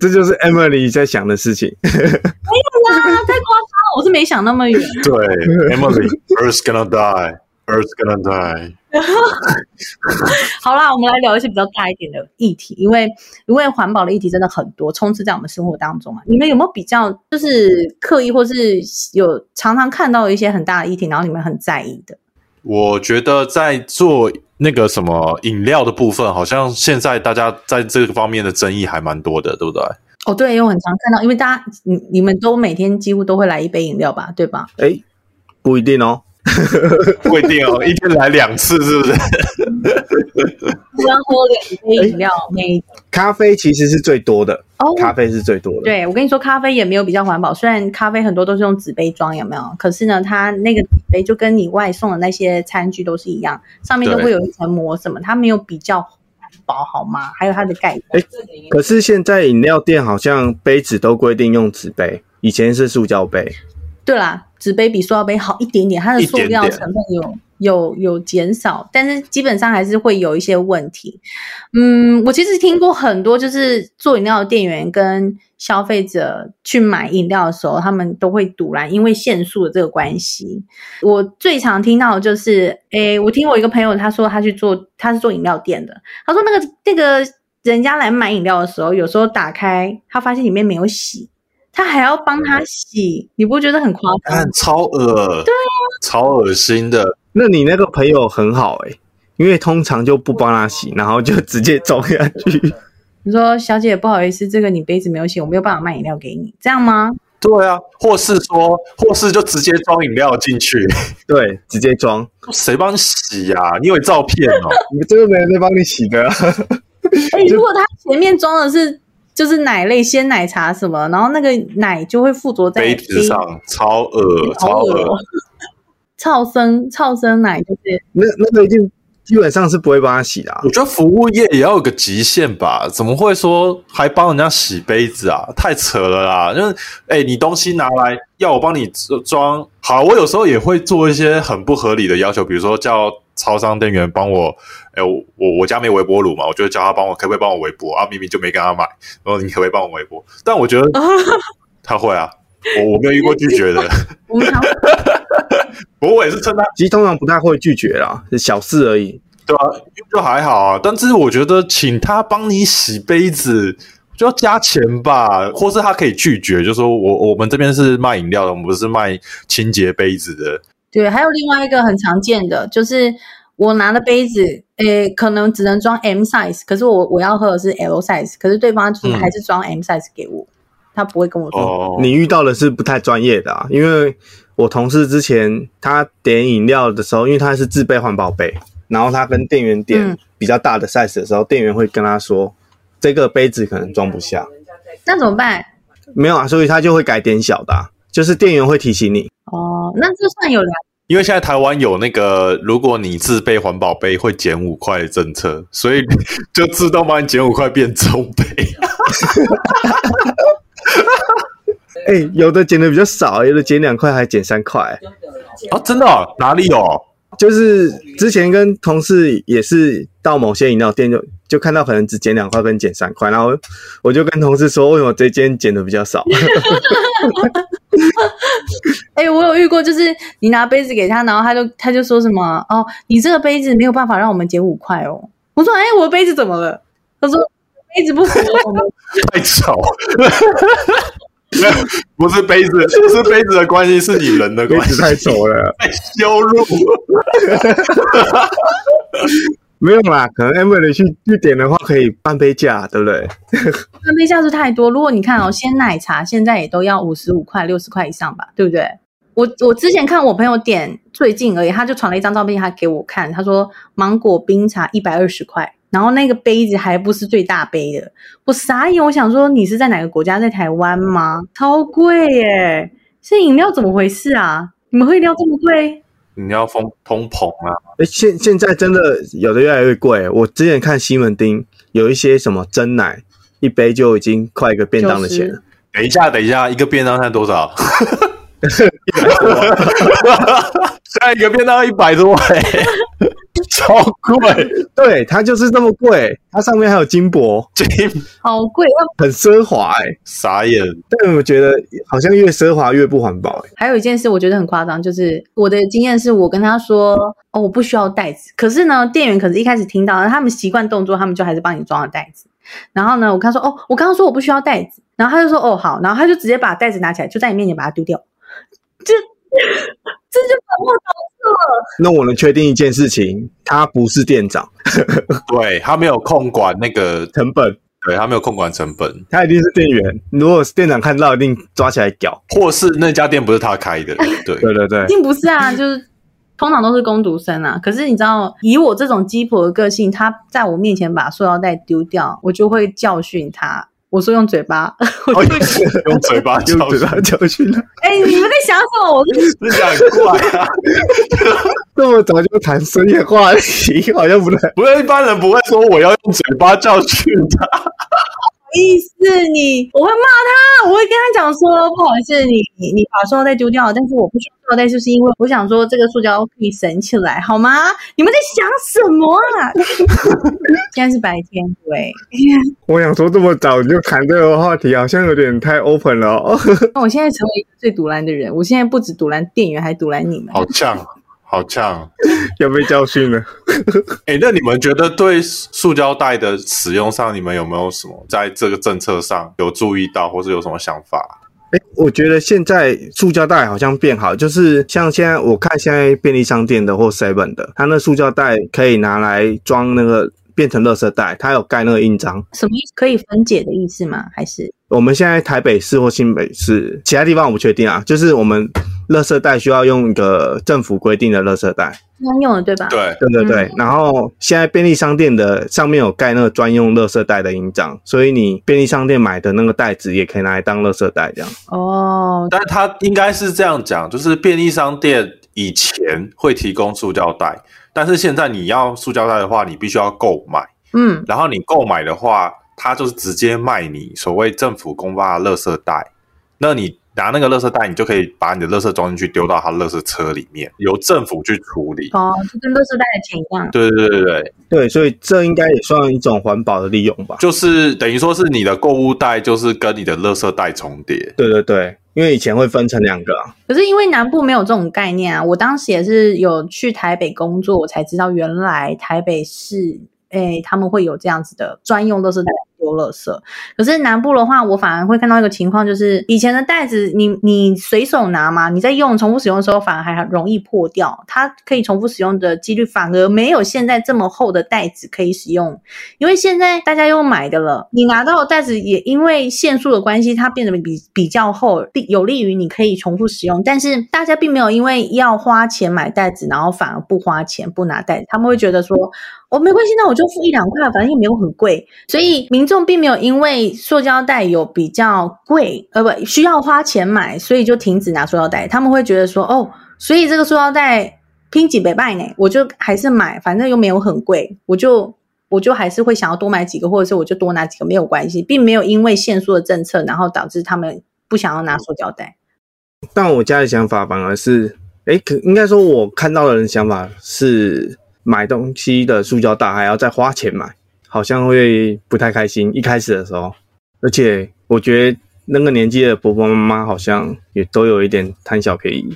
這就是 Emily 在想的事情。 沒有啦，太誇張了，我是沒想那麼遠。 對，Emily，Earth's gonna die. Earth's gonna die. 好啦，我們來聊一些比較大一點的議題，因為因為環保的議題真的很多，充斥在我們生活當中啊，你們有沒有比較就是刻意或是有常常看到一些很大的議題，然後你們很在意的？我覺得在做那個什麼飲料的部分，好像現在大家在這個方面的爭議還蠻多的，對不對？哦，對，有很常看到，因為大家你你們都每天幾乎都會來一杯飲料吧，對吧？哎，不一定哦。 不一定哦， 一天來兩次是不是？我要喝兩杯飲料，咖啡其實是最多的，哦、咖啡是最多的。對，我跟你說，咖啡也沒有比較環保，雖然咖啡很多都是用紙杯裝，有沒有？可是呢，它那個紙杯就跟你外送的那些餐具都是一樣，上面都會有一層膜，什麼對它沒有比較環保好嗎？還有它的蓋子對。哎，可是現在飲料店好像杯子都規定用紙杯，以前是塑膠杯。對啦。紙杯比塑料杯好一點點，它的塑料成分有點點有有減少，但是基本上還是會有一些問題。嗯，我其實聽過很多，就是做飲料的店員跟消費者去買飲料的時候，他們都會賭爛，因為限塑的這個關係。我最常聽到的就是，誒，我聽我一個朋友他說他去做，他是做飲料店的，他說那個那個人家來買飲料的時候，有時候打開他發現裡面沒有洗。他還要幫他洗，你不覺得很誇張？超惡，對啊，超惡心的。那你那個朋友很好哎，因為通常就不幫他洗，然後就直接裝下去。你說，小姐不好意思，這個你杯子沒有洗，我沒有辦法賣飲料給你，這樣嗎？對啊，或是說，或是就直接裝飲料進去，對，直接裝。誰幫你洗呀？你有照片哦？你們真的沒人幫你洗的？哎，如果他前面裝的是。就是奶類鮮奶茶什麼，然後那個奶就會附着在 A, 杯子上，超噁，超噁，超噁，超生超生奶就是那那個，一定基本上是不會幫他洗的啊。我覺得服務業也要有個極限吧？怎麼會說還幫人家洗杯子啊？太扯了啦！因為哎，你東西拿來。叫我幫你裝好，我有時候也會做一些很不合理的要求，比如說叫超商店員幫我，欸、我我家沒微波爐嘛，我就叫他幫我，可不可以幫我微波啊？明明就沒跟他買，然後、哦、你可不可以幫我微波？但我覺得、oh. 他會啊，我我沒有遇過拒絕的，我也是趁他，其實通常不太會拒絕啦，是小事而已，對吧、啊？就還好啊，但是我覺得請他幫你洗杯子。就要加錢吧，或是他可以拒絕，就說我我們這邊是賣飲料的，我們不是賣清潔杯子的。對，還有另外一個很常見的，就是我拿的杯子，誒、欸，可能只能裝 M size，可是我我要喝的是 L size，可是對方就是還是裝 M size 給我，嗯、他不會跟我說。哦，oh, 你遇到的是不太專業的啊，因為我同事之前他點飲料的時候，因為他是自備環保杯，然後他跟店員點比較大的 size 的時候，嗯、店員會跟他說。這個杯子可能裝不下，那怎麼辦？沒有啊，所以它就會改點小的啊，就是店員會提醒你。哦，那就算有了，因為現在台灣有那個，如果你自備環保杯會減五塊的政策，所以就自動幫你減五塊變中杯。哈哈哈！哈哈！哈哈！哎，有的減的比較少，有的減兩塊還減三塊。啊、哦，真的、哦？哪裡有？就是之前跟同事也是到某些飲料店就就看到可能只減兩塊跟減三塊，然後我就跟同事說，為什麼這間減的比較少？哎、 欸，我有遇過，就是你拿杯子給他，然後他就他就說什麼哦，你這個杯子沒有辦法讓我們減五塊哦。我說哎、欸，我的杯子怎麼了？他說杯子不符合。 太吵。 不是杯子，不是杯子的關係，是你人的關係。太醜了， 羞辱。 沒有啦，可能 Emily 去去點的話，可以半杯價，對不對？半杯價是太多。如果你看哦，鮮奶茶現在也都要五十五塊、六十塊以上吧，對不對？我我之前看我朋友點最近而已，他就傳了一張照片他給我看，他說芒果冰茶一百二十塊。然後那個杯子還不是最大杯的，我傻眼。我想說，你是在哪個國家？在台灣嗎？超貴耶！這飲料怎麼回事啊？你們喝飲料這麼貴？你要封通膨啊！現、欸、現在真的有的越來越貴。我之前看西門町有一些什麼珍奶，一杯就已經快一個便當的錢、就是、等一下，等一下，一個便當才多少？哈哈哈哈一個便當一百多哎、欸。 超貴，對，它就是那麼貴，它上面還有金箔，金，好貴啊，很奢華哎，傻眼。但我覺得好像越奢華越不環保哎。還有一件事我覺得很誇張，就是我的經驗是我跟他說哦我不需要袋子，可是呢，店員可是一開始聽到，他們習慣動作，他們就還是幫你裝了袋子。然後呢，我跟他說哦，我剛剛說我不需要袋子，然後他就說哦好，然後他就直接把袋子拿起來，就在你面前把它丟掉，這。 這就很莫測。那我能確定一件事情，他不是店長， 對他沒有控管那個成本，對他沒有控管成本，他一定是店員。嗯、如果是店長看到，一定抓起來屌，或是那家店不是他開的，對 對對對，一定不是啊，就是通常都是工讀生啊。可是你知道，以我這種雞婆的個性，他在我面前把塑料袋丟掉，我就會教訓他。我說用嘴巴，用嘴巴用嘴巴教訓他。哎、 欸，你們在想什 麼？我這樣很怪啊！這麼早就談深夜話題，好像不太，不是一般人不會說我要用嘴巴教訓他。 意思你，我會罵他，我會跟他講說不好意思你，你你你把塑料袋丟掉，但是我不需要塑料袋，就是因為我想說這個塑膠可以省起來，好嗎？你們在想什麼啊？今天 是白天對 我想說，這麼早就談這個話題，好像有點太 open 了哦。那 我現在成為一個最賭爛的人，我現在不止賭爛店員，還賭爛你們。好嗆。好嗆，又 被教訓了。哎、 欸，那你們覺得對塑膠袋的使用上，你們有沒有什麼在這個政策上有注意到，或是有什麼想法？哎、欸，我覺得現在塑膠袋好像變好，就是像現在我看現在便利商店的或 Seven 的，它那塑膠袋可以拿來裝那個變成垃圾袋，它有蓋那個印章，什麼意思？可以分解的意思嗎？還是？我們現在台北市或新北市，其他地方我不確定啊，就是我們垃圾袋需要用一個政府規定的垃圾袋專用的，對吧？對對對對。嗯。然後現在便利商店的上面有蓋那個專用垃圾袋的印章，所以你便利商店買的那個袋子也可以拿來當垃圾袋這樣。哦，但是它應該是這樣講，就是便利商店以前會提供塑膠袋，但是現在你要塑膠袋的話，你必須要購買。嗯。然後你購買的話。他就是直接賣你所謂政府公發的垃圾袋，那你拿那個垃圾袋，你就可以把你的垃圾裝進去丟到他的垃圾車裡面，由政府去處理。哦，就跟垃圾袋的情況。對對對對對對，所以這應該也算一種環保的利用吧？就是等於說是你的購物袋就是跟你的垃圾袋重疊。對對對，因為以前會分成兩個。可是因為南部沒有這種概念啊，我當時也是有去台北工作，我才知道原來台北市。哎、欸，他們會有這樣子的專用，都是。嗯多樂色，可是南部的話，我反而會看到一個情況，就是以前的袋子你，你你隨手拿嘛，你在用重複使用的時候，反而還很容易破掉，它可以重複使用的幾率反而沒有現在這麼厚的袋子可以使用，因為現在大家又買的了，你拿到的袋子也因為限塑的關係，它變得比比較厚，有利於你可以重複使用，但是大家並沒有因為要花錢買袋子，然後反而不花錢不拿袋子，他們會覺得說我、哦、沒關係，那我就付一兩塊，反正也沒有很貴，所以民眾。並沒有因為塑膠袋有比較貴，呃不，不需要花錢買，所以就停止拿塑膠袋。他們會覺得說，哦，所以這個塑膠袋拼幾百塊呢，我就還是買，反正又沒有很貴，我就我就還是會想要多買幾個，或者是我就多拿幾個沒有關係，並沒有因為限塑的政策，然後導致他們不想要拿塑膠袋。但我家的想法反而是，誒、欸，可應該說，我看到的人想法是，買東西的塑膠袋還要再花錢買。好像會不太開心，一開始的時候，而且我覺得那個年紀的婆婆媽媽好像也都有一點貪小便宜。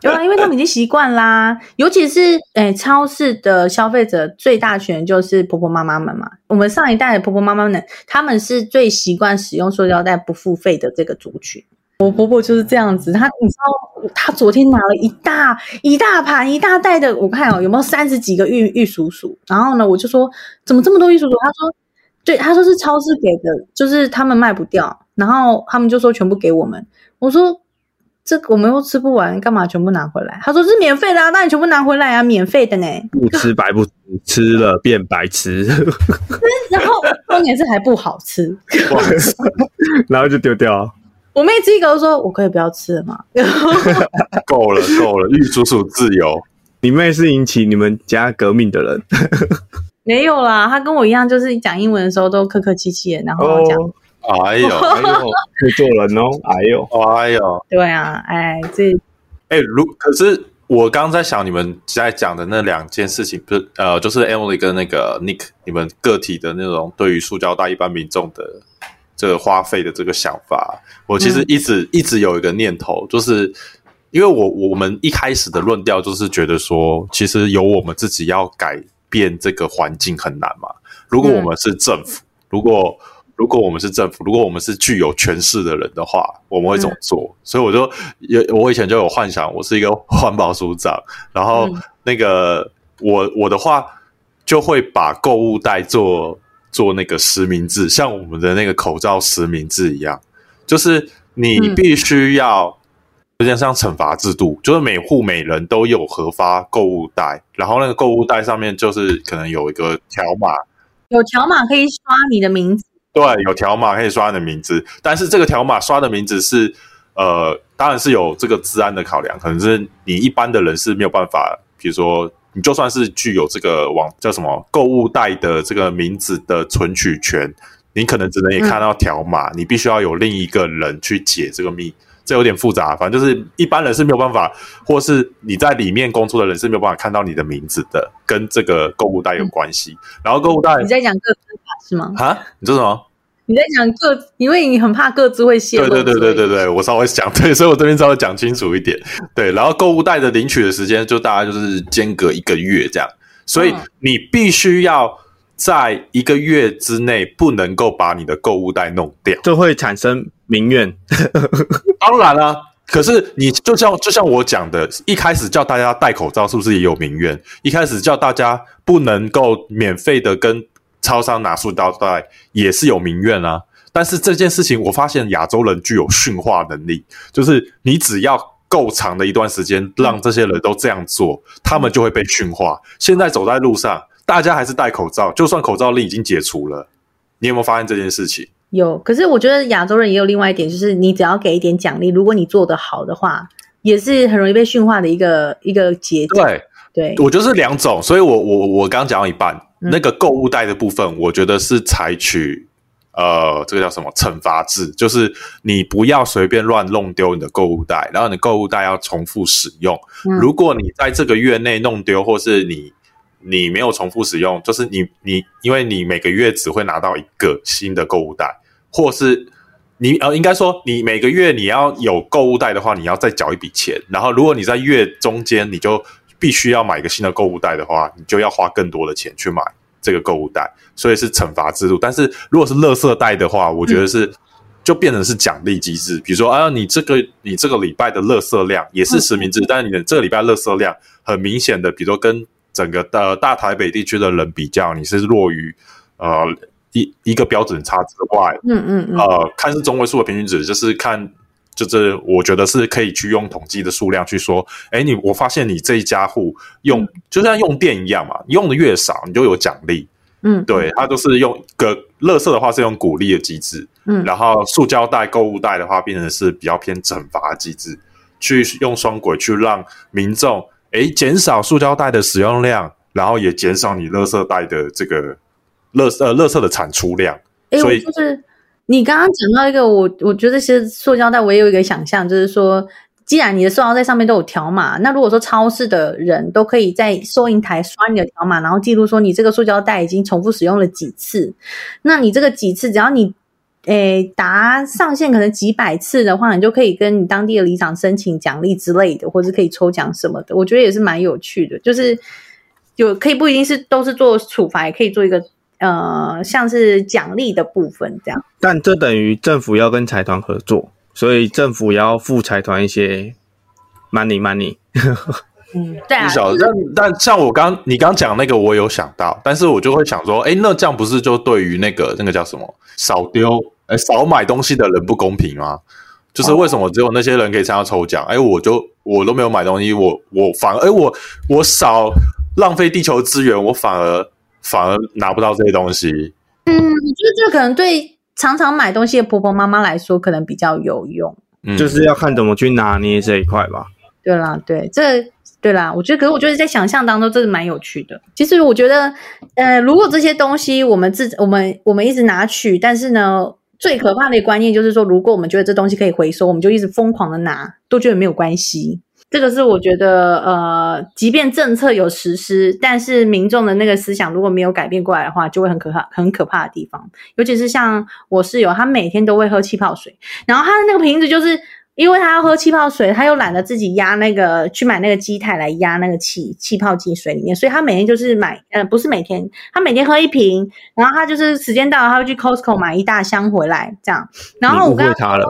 對啊，因為他們已經習慣啦，尤其是誒、欸，超市的消費者最大群就是婆婆媽媽們嘛。我們上一代的婆婆媽媽們，他們是最習慣使用塑膠袋不付費的這個族群。我婆婆就是這樣子，她你知道，她昨天拿了一大一大盤一大袋的，我看哦有沒有三十幾個玉玉蜀黍，然後呢我就說怎麼這麼多玉蜀黍？她說對，她說是超市給的，就是他們賣不掉，然後他們就說全部給我們，我說這個、我們又吃不完，幹嘛全部拿回來？她說是免費的，啊，那你全部拿回來啊，免費的呢，不吃白不吃了，變白吃， 然後重點是還不好吃 然後就丟掉。我妹自己跟我說：“我可以不要吃了嗎？”夠 了，夠了，玉竹鼠自由。你妹是引起你們家革命的人， 沒有啦。她跟我一樣，就是講英文的時候都客客氣氣的，然後講：“哦、哎呦，哦、哎呦，會、哎、做人哦，哎呦，哎呦。”對啊，哎，這哎，如可是我剛剛在想，你們現在講的那兩件事情，不是呃，就是 Emily 跟那個 Nick，你們個體的那種對於塑膠袋一般民眾的這個花費的這個想法。我其實一直一直有一個念頭，嗯、就是因為我我們一開始的論調就是覺得說，其實由我們自己要改變這個環境很難嘛。如果我們是政府，嗯、如果如果我們是政府，如果我們是具有權勢的人的話，我們會怎麼做？嗯、所以我就有我以前就有幻想，我是一個環保署長，然後那個、嗯、我我的話就會把購物袋做做那個實名制，像我們的那個口罩實名制一樣。就是你必須要，有點像懲罰制度，嗯、就是每戶每人都有核發購物袋，然後那個購物袋上面就是可能有一個條碼，有條碼可以刷你的名字。對，有條碼可以刷你的名字，但是這個條碼刷的名字是，呃，當然是有這個資安的考量，可能是你一般的人是沒有辦法，比如說你就算是具有這個網，叫什麼，購物袋的這個名字的存取權。你可能只能也看到條碼，嗯、你必須要有另一個人去解這個密，這有點複雜。反正就是一般人是沒有辦法，或是你在裡面工作的人是沒有辦法看到你的名字的，跟這個購物袋有關係。嗯、然後購物袋你在講個資是嗎？啊，你說什麼？你在講個，因為你很怕個資會洩露。對對對對對對，以我稍微講對，所以我這邊稍微講清楚一點。對，然後購物袋的領取的時間就大概就是間隔一個月這樣，所以你必須要。在一個月之內不能夠把你的購物袋弄掉，就會產生民怨。 當然了、啊，可是你就像就像我講的，一開始叫大家戴口罩，是不是也有民怨？一開始叫大家不能夠免費的跟超商拿塑膠袋，也是有民怨啊。但是這件事情，我發現亞洲人具有馴化能力，就是你只要夠長的一段時間讓這些人都這樣做，他們就會被馴化。現在走在路上。大家還是戴口罩，就算口罩令已經解除了，你有沒有發現這件事情？有，可是我覺得亞洲人也有另外一點，就是你只要給一點獎勵，如果你做得好的話，也是很容易被馴化的一個一個結果。對對，對我就是兩種，所以我我我剛剛講到一半，嗯、那個購物袋的部分，我覺得是採取呃，這個叫什麼懲罰制，就是你不要隨便亂弄丟你的購物袋，然後你的購物袋要重複使用，嗯、如果你在這個月內弄丟，或是你。你沒有重複使用，就是你你，因為你每個月只會拿到一個新的購物袋，或是你呃，應該說你每個月你要有購物袋的話，你要再繳一筆錢。然後，如果你在月中間，你就必須要買一個新的購物袋的話，你就要花更多的錢去買這個購物袋，所以是懲罰制度。但是如果是垃圾袋的話，我覺得是就變成是獎勵機制，嗯、比如說啊，你這個你這個禮拜的垃圾量也是實名制，嗯、但是你這個禮拜垃圾量很明顯的，比如說跟整個的大台北地區的人比較，你是落於呃，一一個標準差之外，嗯嗯嗯，呃看是中位數的平均值，就是看就是我覺得是可以去用統計的數量去說，哎你我發現你這一家戶用就像用電一樣嘛，用的越少你就有獎勵，嗯，對，它都是用個垃圾的話是用鼓勵的機制，嗯，然後塑膠袋購物袋的話變成是比較偏懲罰的機制，去用雙軌去讓民眾。誒，減少塑膠袋的使用量，然後也減少你垃圾袋的這個垃呃垃圾的產出量。所以誒就是你剛剛講到一個我，我覺得其實塑膠袋我也有一個想象，就是說，既然你的塑膠袋上面都有條碼，那如果說超市的人都可以在收銀台刷你的條碼，然後記錄說你這個塑膠袋已經重複使用了幾次，那你這個幾次只要你。誒、達、欸、上限可能幾百次的話，你就可以跟你當地的里長申請獎勵之類的，或者可以抽獎什麼的。我覺得也是蠻有趣的，就是有可以不一定是都是做處罰，也可以做一個呃像是獎勵的部分這樣。但這等於政府要跟財團合作，所以政府也要付財團一些 money money。嗯，不、啊、但但像我剛你剛講那個，我有想到，但是我就會想說，哎，那這樣不是就對於那個那個叫什麼少丟哎少買東西的人不公平嗎？就是為什麼只有那些人可以參加抽獎？哎、哦，我就我都沒有買東西，我我反而我我，我少浪費地球資源，我反而反而拿不到這些東西。嗯，就覺這可能對常常買東西的婆婆媽媽來說，可能比較有用。嗯，就是要看怎麼去拿捏這一塊吧。對啦、啊，對這。對啦，我覺得，可是我覺得在想象當中，這是蠻有趣的。其實我覺得，呃，如果這些東西我們自我們我們一直拿取，但是呢，最可怕的一個觀念就是說，如果我們覺得這東西可以回收，我們就一直瘋狂的拿，都覺得沒有關係。這個是我覺得，呃，即便政策有實施，但是民眾的那個思想如果沒有改變過來的話，就會很可怕，很可怕的地方。尤其是像我室友，他每天都會喝氣泡水，然後他的那個瓶子就是。因為他要喝氣泡水，他又懶得自己壓那個去買那個機台來壓那個氣氣泡進水裡面，所以他每天就是買，呃，不是每天，他每天喝一瓶，然後他就是時間到了，他會去 Costco 買一大箱回來這樣。然後我誤會他了，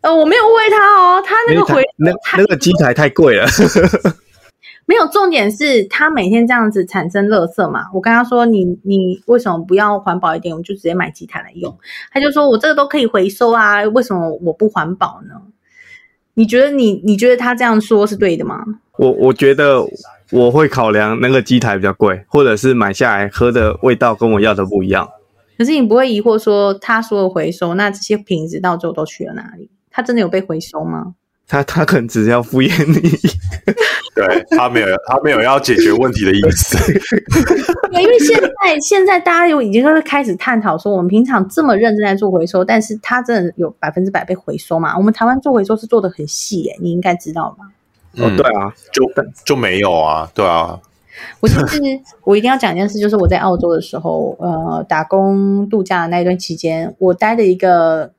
呃，我沒有誤會他哦，他那個回那，那個機台太貴了， 沒有，重點是他每天這樣子產生垃圾嘛？我跟他說，你你為什麼不要環保一點？我就直接買機台來用，他就說我這個都可以回收啊，為什麼我不環保呢？你覺得你你覺得他這樣說是對的嗎？我我覺得我會考量那個機台比較貴，或者是買下來喝的味道跟我要的不一樣。可是你不會疑惑說他說回收，那這些瓶子到最後都去了哪裡？他真的有被回收嗎？他他可能只是要敷衍你 對，對他沒有他沒有要解決問題的意思 對。因為現在現在大家有已經都是開始探討說，我們平常這麼認真在做回收，但是他真的有百分之百被回收嘛？我們台灣做回收是做的很細，耶，你應該知道嗎哦？對啊、嗯，就就沒有啊，對啊。 我就是我一定要講一件事，就是我在澳洲的時候，呃，打工度假的那一段期間，我待的一個。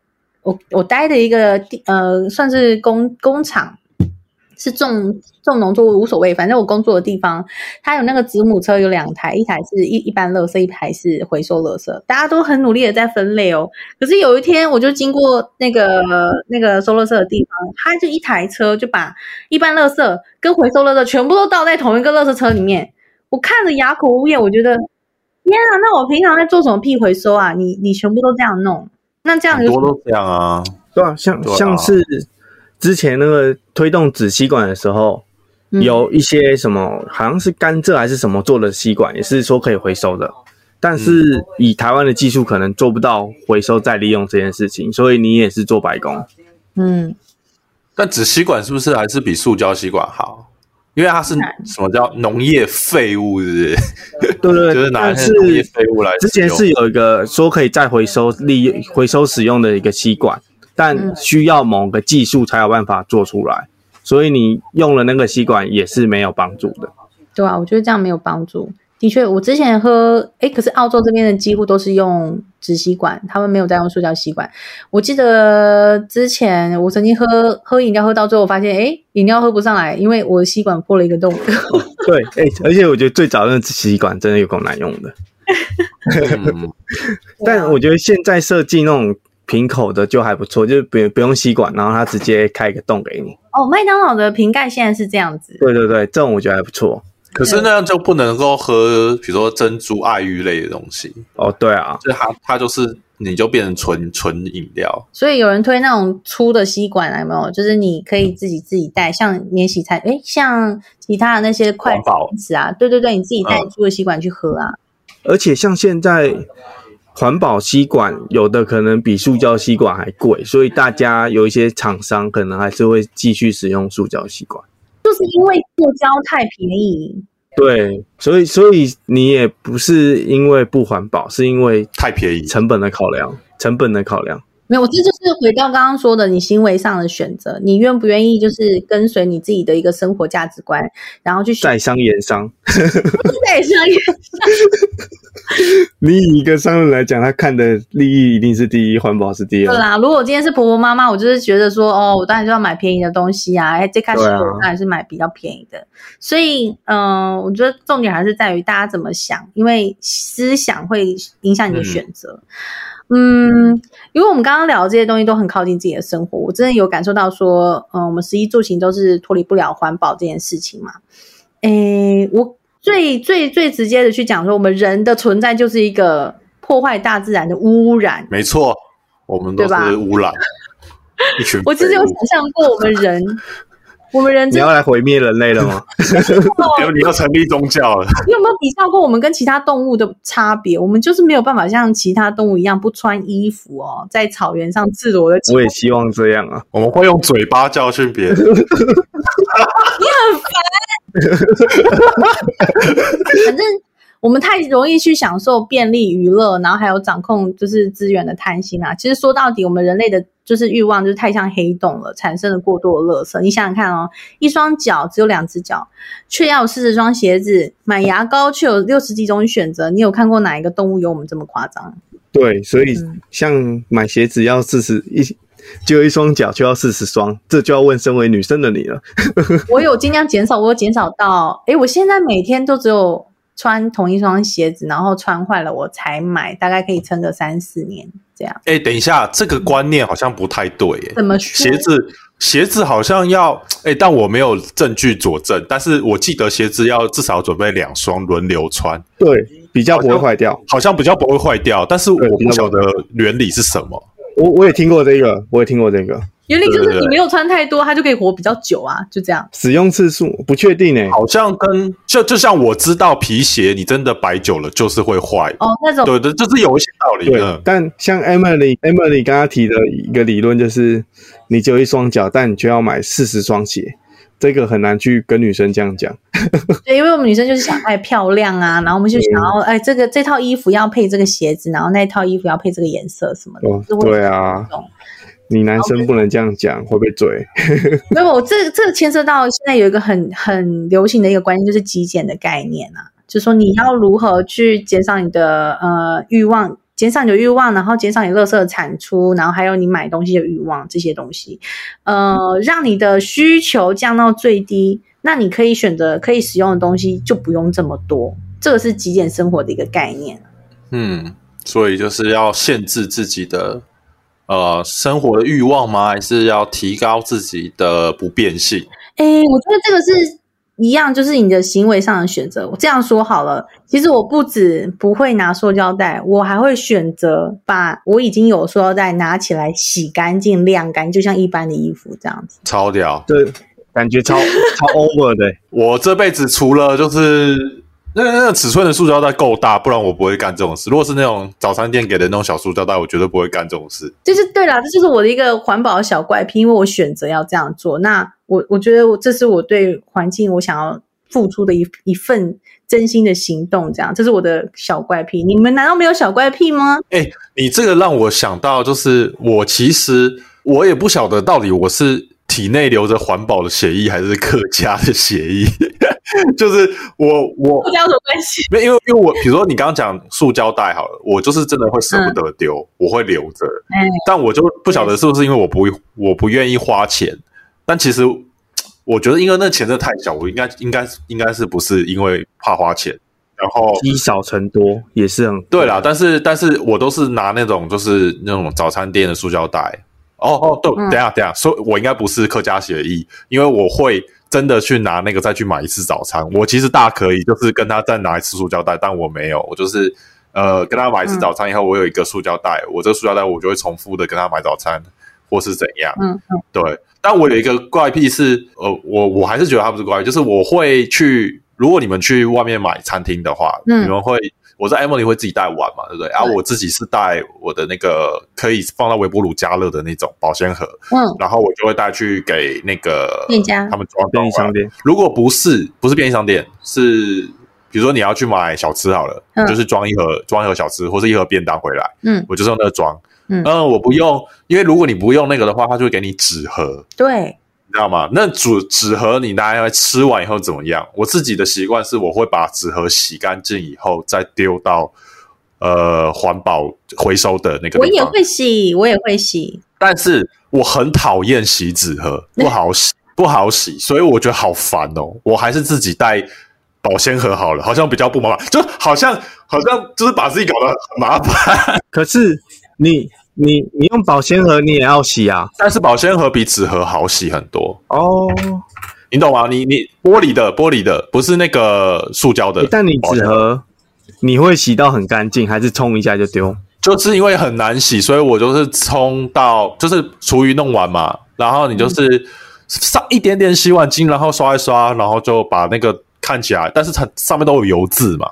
我我待的一個地呃，算是工工廠，是種種農作物無所謂，反正我工作的地方，它有那個子母車，有兩台，一台是一一般垃圾，一台是回收垃圾，大家都很努力的在分類哦。可是有一天，我就經過那個那個收垃圾的地方，它就一台車就把一般垃圾跟回收垃圾全部都倒在同一個垃圾車裡面，我看着啞口無言，我覺得天啊，那我平常在做什麼屁回收啊？你你全部都這樣弄。那這樣子很多都這樣啊，對啊，像，像是之前那個推動紙吸管的時候，嗯，有一些什麼好像是甘蔗還是什麼做的吸管，也是說可以回收的，但是以台灣的技術可能做不到回收再利用這件事情，所以你也是做白工，嗯。但紙吸管是不是還是比塑膠吸管好？因為它是什麼叫農業廢物是不是，對不對？對對對， 就是拿農業廢物來。之前是有一個說可以再回收利用、回收使用的一個吸管，但需要某個技術才有辦法做出來，所以你用了那個吸管也是沒有幫助的。對啊，我覺得這樣沒有幫助。的確，我之前喝，哎、欸，可是澳洲這邊的幾乎都是用紙吸管，他們沒有在用塑膠吸管。我記得之前我曾經喝喝飲料，喝到最後發現，哎、欸，飲料喝不上來，因為我的吸管破了一個洞、哦。對，哎、欸，而且我覺得最早的那個紙吸管真的有夠難用的。但我覺得現在設計那種瓶口的就還不錯，就是不用不用吸管，然後它直接開一個洞給你。哦，麥當勞的瓶蓋現在是這樣子。對對對，這種我覺得還不錯。可是那樣就不能夠喝，比如說珍珠、愛玉類的東西哦。對啊，就它它就是你就變成純純飲料。所以有人推那種粗的吸管來，有沒有？就是你可以自己自己帶，嗯、像免洗餐，哎、欸，像其他的那些筷子啊，環保。對對對，你自己帶粗的吸管去喝啊。而且像現在環保吸管，有的可能比塑膠吸管還貴，所以大家有一些廠商可能還是會繼續使用塑膠吸管。就是因為塑膠太便宜，對，所以所以你也不是因為不環保，是因為太便宜，成本的考量，成本的考量。沒有，我這就是回到剛剛說的，你行為上的選擇，你願不願意就是跟隨你自己的一個生活價值觀，然後去在商言商，在商言商。 你以一個商人來講，他看的利益一定是第一，環保是第二。對啦，如果今天是婆婆媽媽，我就是覺得說，哦，我當然就要買便宜的東西啊，哎，最開始我當然是買比較便宜的。啊、所以，嗯、呃，我覺得重點還是在於大家怎麼想，因為思想會影響你的選擇。嗯，嗯，因為我們剛剛聊的這些東西都很靠近自己的生活，我真的有感受到說，嗯、呃，我們食衣住行都是脫離不了環保這件事情嘛。誒，我。最最最直接的去講說，我們人的存在就是一個破壞大自然的污染。沒錯，我們都是污染。吧我其實有想象過，我們人。 我們人，你要來毀滅人類了嗎？比如 你要成立宗教了， 你有沒有比較過我們跟其他動物的差別？我們就是沒有辦法像其他動物一樣不穿衣服哦，在草原上赤裸的。我也希望這樣啊， 我們會用嘴巴教訓別人。你很煩。 反正我們太容易去享受便利娛樂，然後還有掌控就是資源的貪心啊。其實說到底，我們人類的。就是欲望就是、太像黑洞了，產生了過多的垃圾。你想想看哦，一雙腳只有兩隻腳，卻要有四十雙鞋子；買牙膏卻有六十幾種選擇。你有看過哪一個動物有我們這麼誇張？對，所以像買鞋子要四十、嗯、一，只有一雙腳卻要四十雙，這就要問身為女生的你了。 我有盡量減少，我有減少到，哎、欸，我現在每天都只有穿同一雙鞋子，然後穿壞了我才買，大概可以撐個三四年。這樣，哎，等一下，這個觀念好像不太對，耶。怎麼說？鞋子，鞋子好像要，哎，但我沒有證據佐證，但是我記得鞋子要至少準備兩雙輪流穿，對，比較不會壞掉好，好像比較不會壞掉，但是我不曉得原理是什麼，我我也聽過這個，我也聽過這個。原理就是你沒有穿太多，它就可以活比較久啊，就這樣。使用次數不確定呢、欸，好像跟就就像我知道皮鞋，你真的擺久了就是會壞哦。那種對對就是有一些道理的。但像 Emily, Emily Emily 剛剛提的一個理論就是，你只有一雙腳，但你就要買四十雙鞋，這個很難去跟女生這樣講。對，因為我們女生就是想愛漂亮啊， 然後我們就想要哎、欸欸，這個這套衣服要配這個鞋子，然後那套衣服要配這個顏色什麼的。哦、對啊，你男生不能這樣講，Okay. 會被嘴？沒 有、這個，我這這個、牽涉到現在有一個很很流行的一個觀念，就是極簡的概念啊，就是說你要如何去減少你的呃慾望，減少你的慾望，然後減少你垃圾的產出，然後還有你買東西的慾望這些東西，呃，讓你的需求降到最低，那你可以選擇可以使用的東西就不用這麼多，這個是極簡生活的一個概念。嗯，所以就是要限制自己的。呃，生活的慾望嗎？還是要提高自己的不便性？誒、欸、我覺得這個是一樣，就是你的行為上的選擇。我這樣說好了，其實我不止不會拿塑膠袋，我還會選擇把我已經有塑膠袋拿起來洗乾淨、晾乾，就像一般的衣服這樣子。超屌，對，感覺超 超 over 的。我這輩子除了就是。那那個尺寸的塑膠袋夠大，不然我不會幹這種事。如果是那種早餐店給的那種小塑膠袋，我絕對不會幹這種事。就是對啦，這就是我的一個環保小怪癖，因為我選擇要這樣做。那我我覺得我這是我對環境我想要付出的一一份真心的行動，這樣，這是我的小怪癖。你們難道沒有小怪癖嗎？哎，你這個讓我想到，就是我其實我也不曉得到底我是。體內留着環保的血液還是客家的血液？ 就是我我不什麼關係，沒因為因為我比如說你剛剛講塑膠袋好了，我就是真的會捨不得丟，嗯、我會留着，嗯、但我就不曉得是不是因為我不、嗯、我不願意花錢，但其實我覺得因為那錢真的太小，我應該應該應該是不是因為怕花錢，然後積少成多也是對啦，但是但是我都是拿那種就是那種早餐店的塑膠袋。哦哦，對、oh, oh, 嗯，等下等下，所以我應該不是客家協議，因為我會真的去拿那個再去買一次早餐。我其實大可以就是跟他再拿一次塑膠袋，但我沒有，我就是呃跟他買一次早餐以後，我有一個塑膠袋，嗯、我這個塑膠袋我就會重複的跟他買早餐或是怎樣。嗯，嗯對。但我有一個怪癖是，呃，我我還是覺得他不是怪癖，就是我會去。如果你們去外面買餐廳的話，嗯、你們會。我在 M 裡會自己帶碗嘛，對不對？啊，我自己是帶我的那個可以放到微波爐加熱的那種保鮮盒，嗯，然後我就會帶去給那個店家他們裝。便利商店如果不是不是便利商店，是比如說你要去買小吃好了，嗯、就是裝一盒裝一盒小吃或者一盒便當回來，嗯，我就是用那個裝，嗯，我不用，嗯、因為如果你不用那個的話，它就會給你紙盒，對。知道嗎？那紙紙盒你拿來吃完以後怎麼樣？我自己的習慣是我會把紙盒洗乾淨以後再丟到呃環保回收的那個地方。我也會洗，我也會洗，但是我很討厭洗紙盒，不好洗，那不好洗，所以我覺得好煩哦。我還是自己帶保鮮盒好了，好像比較不麻煩，就好像好像就是把自己搞得很麻煩。可是你。你你用保鮮盒，你也要洗啊？但是保鮮盒比紙盒好洗很多哦。Oh. 你懂嗎？你你玻璃的玻璃的，不是那個塑膠的。欸、但你紙盒，你會洗到很乾淨，還是沖一下就丟？就是因為很難洗，所以我就是沖到就是廚餘弄完嘛，然後你就是上、嗯、一點點洗碗精，然後刷一刷，然後就把那個看起來，但是它上面都有油漬嘛，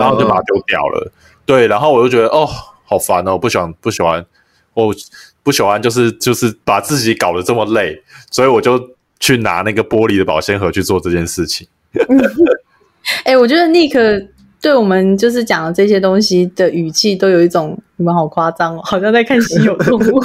然後就把它丟掉了。Uh, uh. 對，然後我就覺得哦，好煩哦，不喜歡不喜歡。我不喜歡，就是就是把自己搞得這麼累，所以我就去拿那個玻璃的保鮮盒去做這件事情。哎、 欸，我覺得 Nick 對我們就是講的這些東西的語氣都有一種，你們好誇張哦，好像在看稀有動物，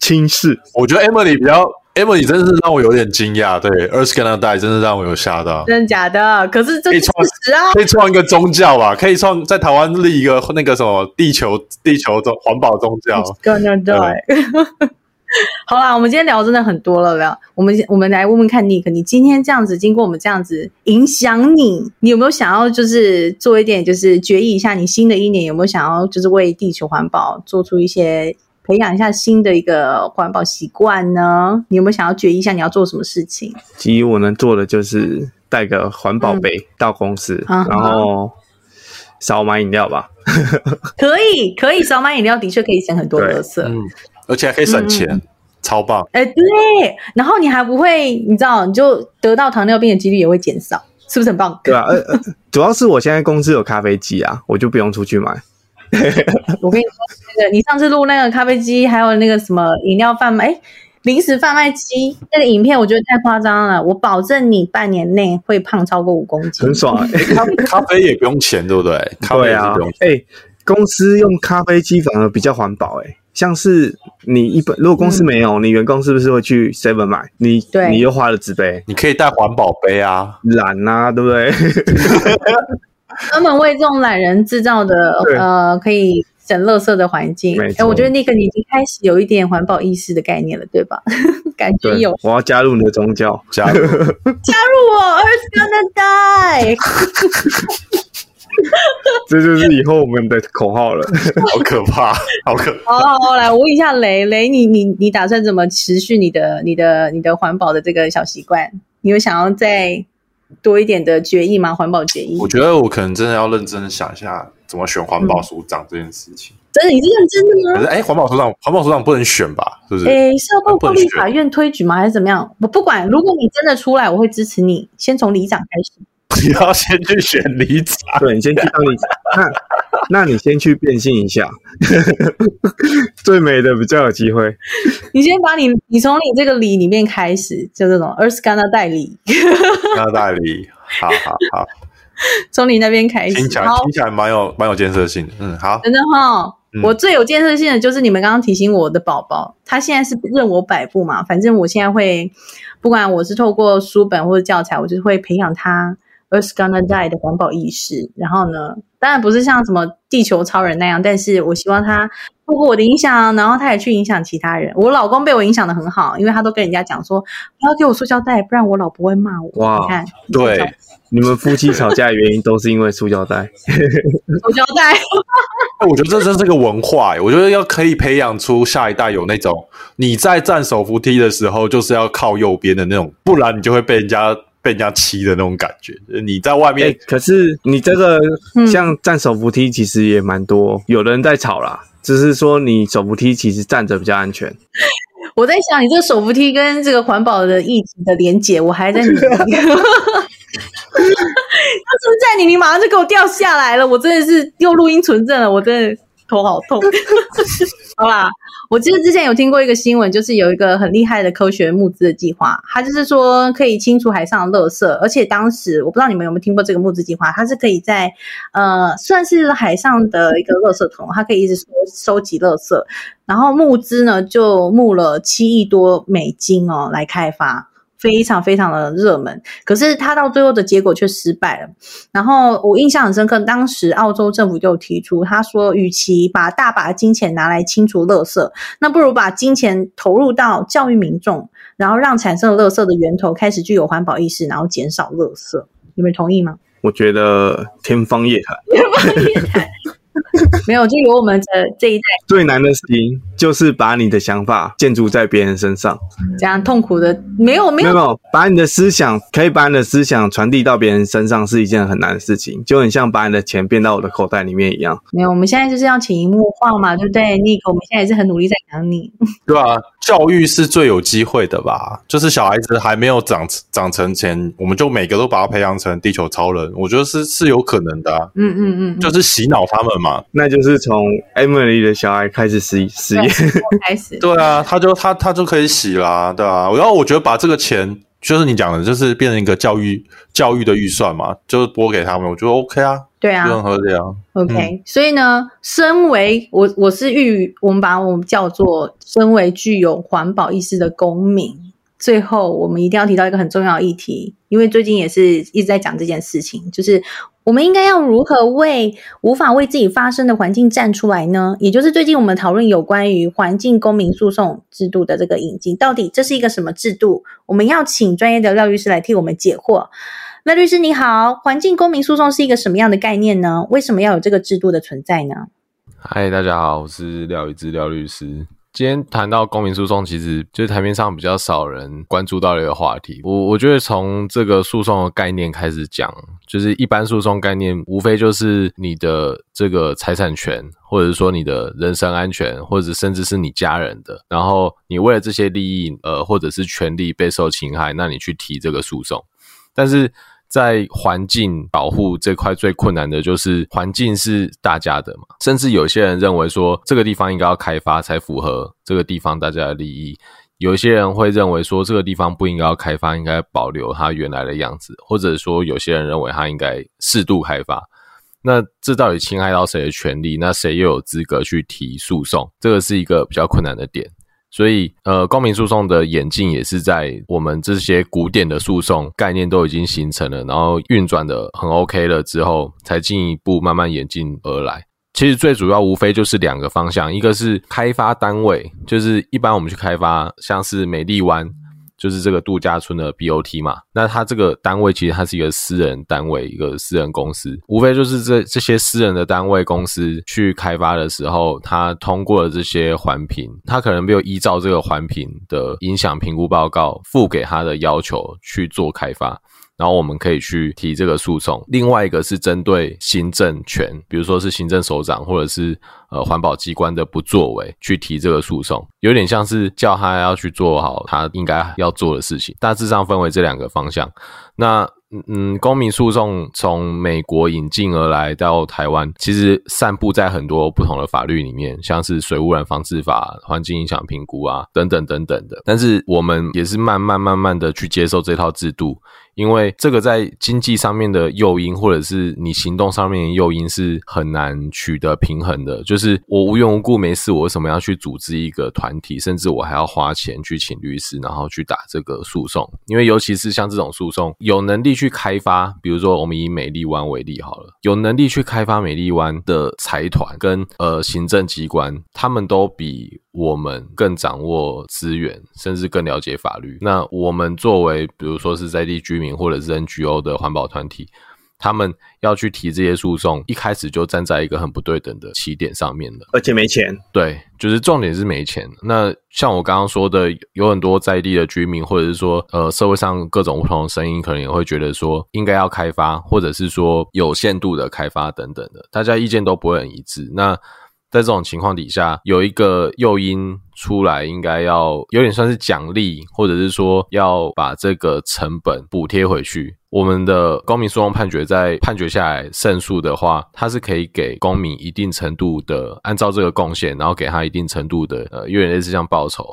輕 視。我覺得 Emily 比較。Emily，你真是讓我有點驚訝。對，Earth's gonna die 真的讓我有嚇到。真的假的？可是這事實啊，可以創一個宗教吧？可以創在台灣立一個那個什麼地球地球中環保宗教。嗯、 好啦，我們今天聊真的很多了。我聊 我們我們來問問看 Nick，你今天這樣子，經過我們這樣子影響你，你有沒有想要就是做一點，就是決議一下，你新的一年有沒有想要就是為地球環保做出一些？培養一下新的一個環保習慣呢？你有沒有想要決議一下你要做什麼事情？其實我能做的就是帶個環保杯到公司，嗯啊、然後少買飲料吧。可以，可以少買飲料，的確可以省很多色，嗯，而且還可以省錢，嗯、超棒。哎、欸，對，然後你還不會，你知道，你就得到糖尿病的幾率也會減少，是不是很棒？對啊、呃，主要是我現在公司有咖啡機啊，我就不用出去買。 我跟你說，那個你上次錄那個咖啡機，還有那個什麼飲料販賣，哎、欸，零食販賣機那個影片，我覺得太誇張了。我保證你半年內會胖超過五公斤。很爽，咖咖啡也不用錢，對不對？咖啡也不用錢。對啊。哎、欸，公司用咖啡機反而比較環保、欸。哎，像是你一般，如果公司沒有，嗯、你員工是不是會去 Seven 買？Ine, 你對，你又花了紙杯。你可以帶環保杯啊，懶啊，對不對？ 專門為這種懶人製造的，對呃，可以省垃圾的環境。哎錯、欸，我覺得 Nick 你已經開始有一點環保意識的概念了，對吧？ 感覺有，我要加入你的宗教，加入， 加入我兒子的 o n 這就是以後我們的口號了，好可怕，好可怕。好好好，來，我問一下雷雷，你你你打算怎麼持續你的你的你的環保的這個小習慣？你有想要在？多一點的決議嗎？環保決議？我覺得我可能真的要認真的想一下，怎麼選環保署長這件事情。真的、嗯，是你是認真的嗎？可是，哎、欸，環保署長，環保署長不能選吧？是不是？哎、欸，是要透過立法院推舉嗎？還是怎麼樣？我不管，如果你真的出來，我會支持你。先從里長開始。你要先去選里長？對，你先去當里長。 那，那你先去變性一下， 最美的比較有機會。你先把你，你從你這個理裡面開始，就這種 Earth Gang 的代理，的 代理，好好好，從你那邊開始聽，聽起來聽起來蠻有蠻好有建設性的，嗯，好，真的哈，嗯、我最有建設性的就是你們剛剛提醒我的寶寶，他現在是任我擺布嘛，反正我現在會，不管我是透過書本或者教材，我就會培養他。Earth gonna die 的環保意識，嗯、然後呢，當然不是像什麼地球超人那樣，但是我希望他通過我的影響，然後他也去影響其他人。我老公被我影響的很好，因為他都跟人家講說不要給我塑膠袋，不然我老婆會罵我。哇，你看，對， 你們夫妻吵架的原因都是因為塑膠袋， 塑膠袋。 我覺得這真是個文化，我覺得要可以培養出下一代有那種你在站手扶梯的時候就是要靠右邊的那種，不然你就會被人家。被人家欺的那種感覺，你在外面、欸。可是你這個像站手扶梯，其實也蠻多，嗯、有人在吵啦。只、就是說你手扶梯其實站着比較安全。我在想，你這個手扶梯跟這個環保的議題的連結，我還在你。 他正你，你馬上就給我掉下來了。我真的是又錄音存證了，我真的頭好痛。 好啦，我記得之前有聽過一個新聞，就是有一個很厲害的科學募資的計劃，它就是說可以清除海上的垃圾，而且當時我不知道你們有沒有聽過這個募資計劃，它是可以在呃算是海上的一個垃圾桶，它可以一直收收集垃圾，然後募資呢就募了七億多美金哦來開發。非常非常的熱門，可是他到最後的結果卻失敗了。然後我印象很深刻，當時澳洲政府就提出，他說，與其把大把的金錢拿來清除垃圾，那不如把金錢投入到教育民眾，然後讓產生垃圾的源頭開始具有環保意識，然後減少垃圾。你們同意嗎？我覺得天方夜譚。天方夜譚。 沒有，就有我們的這一代最難的事情，就是把你的想法建築在別人身上，這樣痛苦的沒有沒有沒有。把你的思想，可以把你的思想傳遞到別人身上，是一件很難的事情，就很像把你的錢變到我的口袋裡面一樣。沒有，我們現在就是要請潛移默化嘛，嗯、對不對？尼克，我們現在也是很努力在講你。對啊，教育是最有機會的吧？就是小孩子還沒有長長成前，我們就每個都把他培養成地球超人，我覺得是是有可能的、啊嗯。嗯嗯嗯，就是洗腦他們嘛。那就是從 Emily 的小孩開始實實驗開始， 對啊，他就他他就可以洗啦，對吧、啊？然後我覺得把這個錢，就是你講的，就是變成一個教育教育的預算嘛，就是撥給他們，我覺得 OK 啊，對啊，就很合理啊，OK、嗯。所以呢，身為我我是育，我們把我們叫做身為具有環保意識的公民。最後，我們一定要提到一個很重要議題，因為最近也是一直在講這件事情，就是我們應該要如何為無法為自己發生的環境站出來呢？也就是最近我們討論有關於環境公民訴訟制度的這個引進，到底這是一個什麼制度？我們要請專業的廖律師來替我們解惑。廖律師你好，環境公民訴訟是一個什麼樣的概念呢？為什麼要有這個制度的存在呢？嗨，大家好，我是廖苡智，廖律師。今天談到公民訴訟，其實就是台面上比較少人關注到的一個話題。我我覺得從這個訴訟的概念，開始講，就是一般訴訟概念，無非就是你的這個財產權，或者說你的人身安全，或者甚至是你家人的，然後你為了這些利益呃，或者是權利備受侵害，那你去提這個訴訟。但是在環境保護這塊最困難的就是環境是大家的嘛，甚至有些人認為說，這個地方應該要開發才符合這個地方大家的利益，有些人會認為說，這個地方不應該要開發，應該保留它原來的樣子，或者說有些人認為它應該適度開發，那這到底侵害到誰的權利？那誰又有資格去提訴訟？這個是一個比較困難的點。所以，呃，公民訴訟的演進也是在我們這些古典的訴訟概念都已經形成了，然後運轉的很 OK 了之後，才進一步慢慢演進而來。其實最主要無非就是兩個方向，一個是開發單位，就是一般我們去開發，像是美麗灣。就是這個度假村的 BOT 嘛，那他這個單位其實它是一個私人單位，一個私人公司，無非就是這這些私人的單位公司去開發的時候，他通過了這些環評，他可能沒有依照這個環評的影響評估報告賦給他的要求去做開發。然後我們可以去提這個訴訟。另外一個是針對行政權，比如說是行政首長或者是呃環保機關的不作為去提這個訴訟，有點像是叫他要去做好他應該要做的事情。大致上分為這兩個方向。那嗯公民訴訟從美國引進而來到台灣，其實散佈在很多不同的法律裡面，像是水污染防治法、環境影響評估啊等等等等的。但是我們也是慢慢慢慢的去接受這套制度。因為這個在經濟上面的誘因，或者是你行動上面的誘因，是很難取得平衡的。就是我無緣無故沒事，我為什麼要去組織一個團體，甚至我還要花錢去請律師，然後去打這個訴訟？因為尤其是像這種訴訟，有能力去開發，比如說我們以美麗灣為例好了，有能力去開發美麗灣的財團跟呃行政機關，他們都比。我們更掌握資源，甚至更了解法律。那我們作為，比如說是在地居民或者是 NGO 的環保團體，他們要去提這些訴訟，一開始就站在一個很不對等的起點上面了，而且沒錢。對，就是重點是沒錢。那像我剛剛說的，有很多在地的居民，或者是說，呃，社會上各種不同的聲音，可能也會覺得說，應該要開發，或者是說有限度的開發等等的，大家意見都不會很一致。那在這種情況底下，有一個誘因出來，應該要有點算是獎勵，或者是說要把這個成本補貼回去。我們的公民訴訟判決，在判決下來勝訴的話，它是可以給公民一定程度的，按照這個貢獻，然後給他一定程度的呃，有點類似像報酬。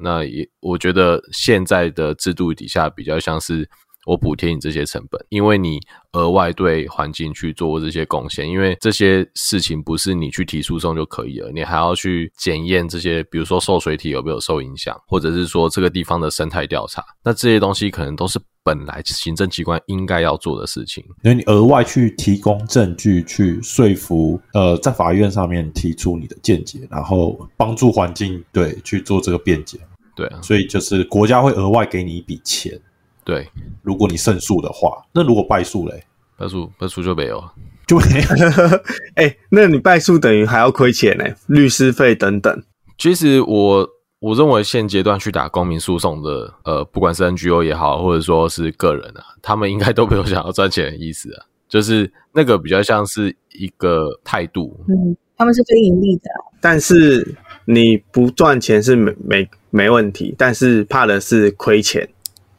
那也我覺得現在的制度底下比較像是。我補貼你這些成本，因為你額外對環境去做這些貢獻。因為這些事情不是你去提訴訟就可以了，你還要去檢驗這些，比如說受水體有沒有受影響，或者是說這個地方的生態調查。那這些東西可能都是本來行政機關應該要做的事情。那你額外去提供證據，去說服呃，在法院上面提出你的見解，然後幫助環境。對，去做這個辯解。對啊，所以就是國家會額外給你一筆錢。對，如果你勝訴的話，那如果敗訴嘞，敗訴敗訴就沒有，就沒有了。哎、 欸，那你敗訴等於還要虧錢嘞、欸，律師費等等。其實我我認為現階段去打公民訴訟的，呃，不管是 NGO 也好，或者說是個人啊，他們應該都沒有想要賺錢的意思啊，就是那個比較像是一個態度。嗯，他們是非盈利的，但是你不賺錢是沒沒沒問題，但是怕的是虧錢。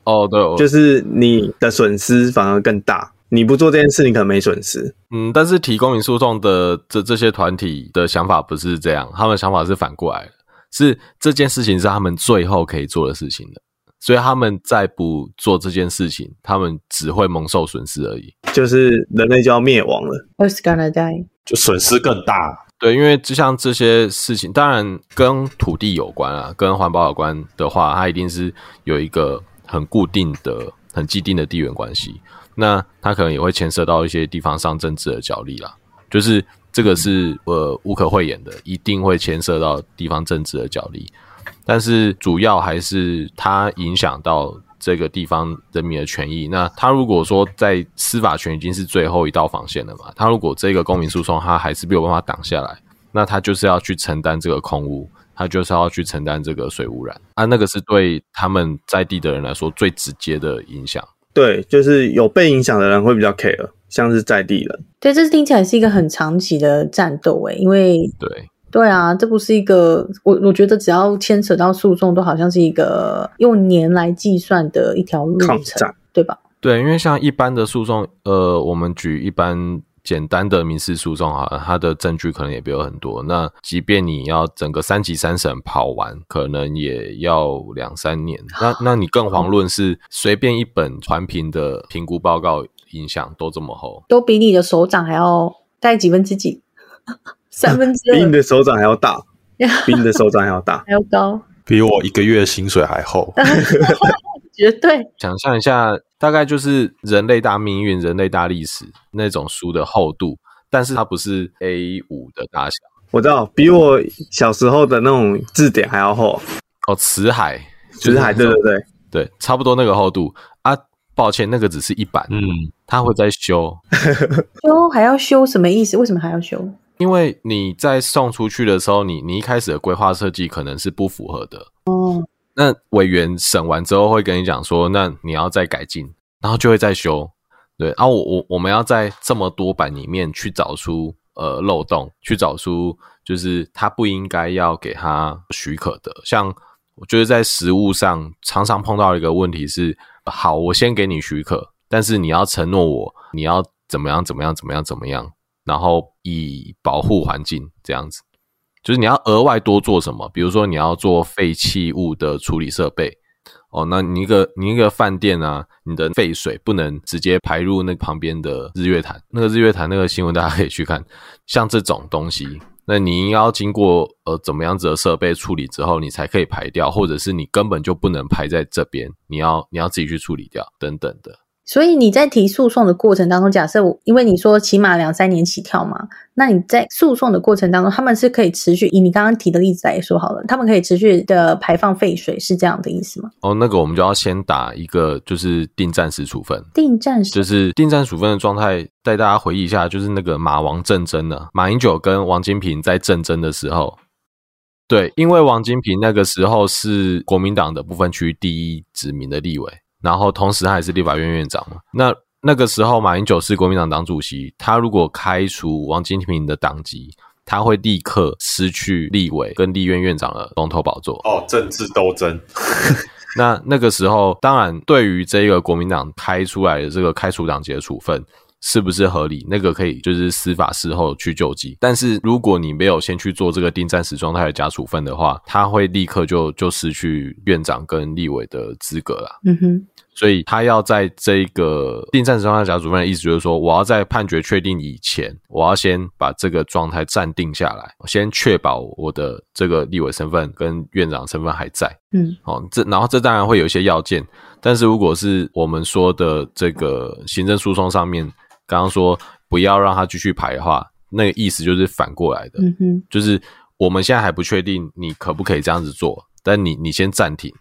哦，oh, 對，就是你的損失反而更大。嗯、你不做這件事情，可能沒損失。嗯，但是提公民訴訟的這這些團體的想法不是這樣，他們的想法是反過來的，是這件事情是他們最後可以做的事情的。所以他們再不做這件事情，他們只會蒙受損失而已。就是人類就要滅亡了，What's gonna die？就損失更大。對，因為就像這些事情，當然跟土地有關啊，跟環保有關的話，它一定是有一個。很固定的，很既定的地緣關係，那他可能也會牽涉到一些地方上政治的角力啦，就是這個是呃無可諱言的，一定會牽涉到地方政治的角力。但是主要還是它影響到這個地方人民的權益。那他如果說在司法權已經是最後一道防線了嘛，他如果這個公民訴訟他還是沒有辦法擋下來，那他就是要去承擔這個空污。他就是要去承擔這個水污染，啊，那個是對他們在地的人來說最直接的影響。對，就是有被影響的人會比較 care，像是在地人。對，這聽起來是一個很長期的戰鬥，哎，因為對對啊，這不是一個我我覺得只要牽扯到訴訟，都好像是一個用年來計算的一條路程，抗戰，對吧？對，因為像一般的訴訟，呃，我們舉一般。簡單的民事訴訟啊，它的證據可能也沒有很多。那即便你要整個三級三審跑完，可能也要兩三年。那那你更遑論是隨便一本環評的評估報告，影響都這麼厚，都比你的手掌還要大幾分之幾？ 三分之二比你的手掌還要大，比你的手掌還要大， 還要高，比我一個月薪水還厚。 絕對想象一下，大概就是人類大命運、人類大歷史那種書的厚度，但是它不是 A5 的大小。我知道，比我小時候的那種字典還要厚。哦，辭海，辭海、就是、辭海，對對對對，差不多那個厚度啊。抱歉，那個只是一版，嗯，它會再修， 修還要修，什麼意思？為什麼還要修？因為你在送出去的時候，你你一開始的規劃設計可能是不符合的。哦。那委員審完之後會跟你講說，那你要再改進，然後就會再修。對啊，我我我們要在這麼多版裡面去找出呃漏洞，去找出就是他不應該要給他許可的。像我覺得在實務上常常碰到一個問題是：好，我先給你許可，但是你要承諾我你要怎麼樣怎麼樣怎麼樣怎麼樣，然後以保護環境這樣子。就是你要額外多做什麼，比如說你要做廢棄物的處理設備，哦，那你一個你一個飯店啊，你的廢水不能直接排入那旁邊的日月潭，那個日月潭那個新聞大家可以去看，像這種東西，那你應該要經過呃怎麼樣子的設備處理之後，你才可以排掉，或者是你根本就不能排在這邊，你要你要自己去處理掉等等的。所以你在提訴訟的過程當中，假設我因為你說起碼兩三年起跳嘛，那你在訴訟的過程當中，他們是可以持續以你剛剛提的例子來說好了，他們可以持續的排放廢水，是這樣的意思嗎？哦，那個我們就要先打一個就是定暫時處分，定暫時就是定暫處分的狀態，帶大家回憶一下，就是那個馬王政爭了，馬英九跟王金平在政爭的時候，對，因為王金平那個時候是國民黨的不分區第一指名的立委。然後，同時他也是立法院院長嘛。那那個時候，馬英九是國民黨黨主席，他如果開除王金平的黨籍，他會立刻失去立委跟立院院長的龍頭寶座。哦，政治鬥爭。 那那個時候，當然對於這個國民黨開出來的這個開除黨籍的處分。是不是合理？那個可以就是司法事後去救濟，但是如果你沒有先去做這個定暫時狀態的假處分的話，他會立刻就就失去院長跟立委的資格啦。嗯哼，所以他要在這個定暫時狀態假處分的意思就是說，我要在判決確定以前，我要先把這個狀態暫定下來，先確保我的這個立委身份跟院長身份還在。嗯，哦，這然後這當然會有一些要件，但是如果是我們說的這個行政訴訟上面。剛剛說不要讓他繼續排的話，那個意思就是反過來的，嗯哼，就是我們現在還不確定你可不可以這樣子做，但你你先暫停，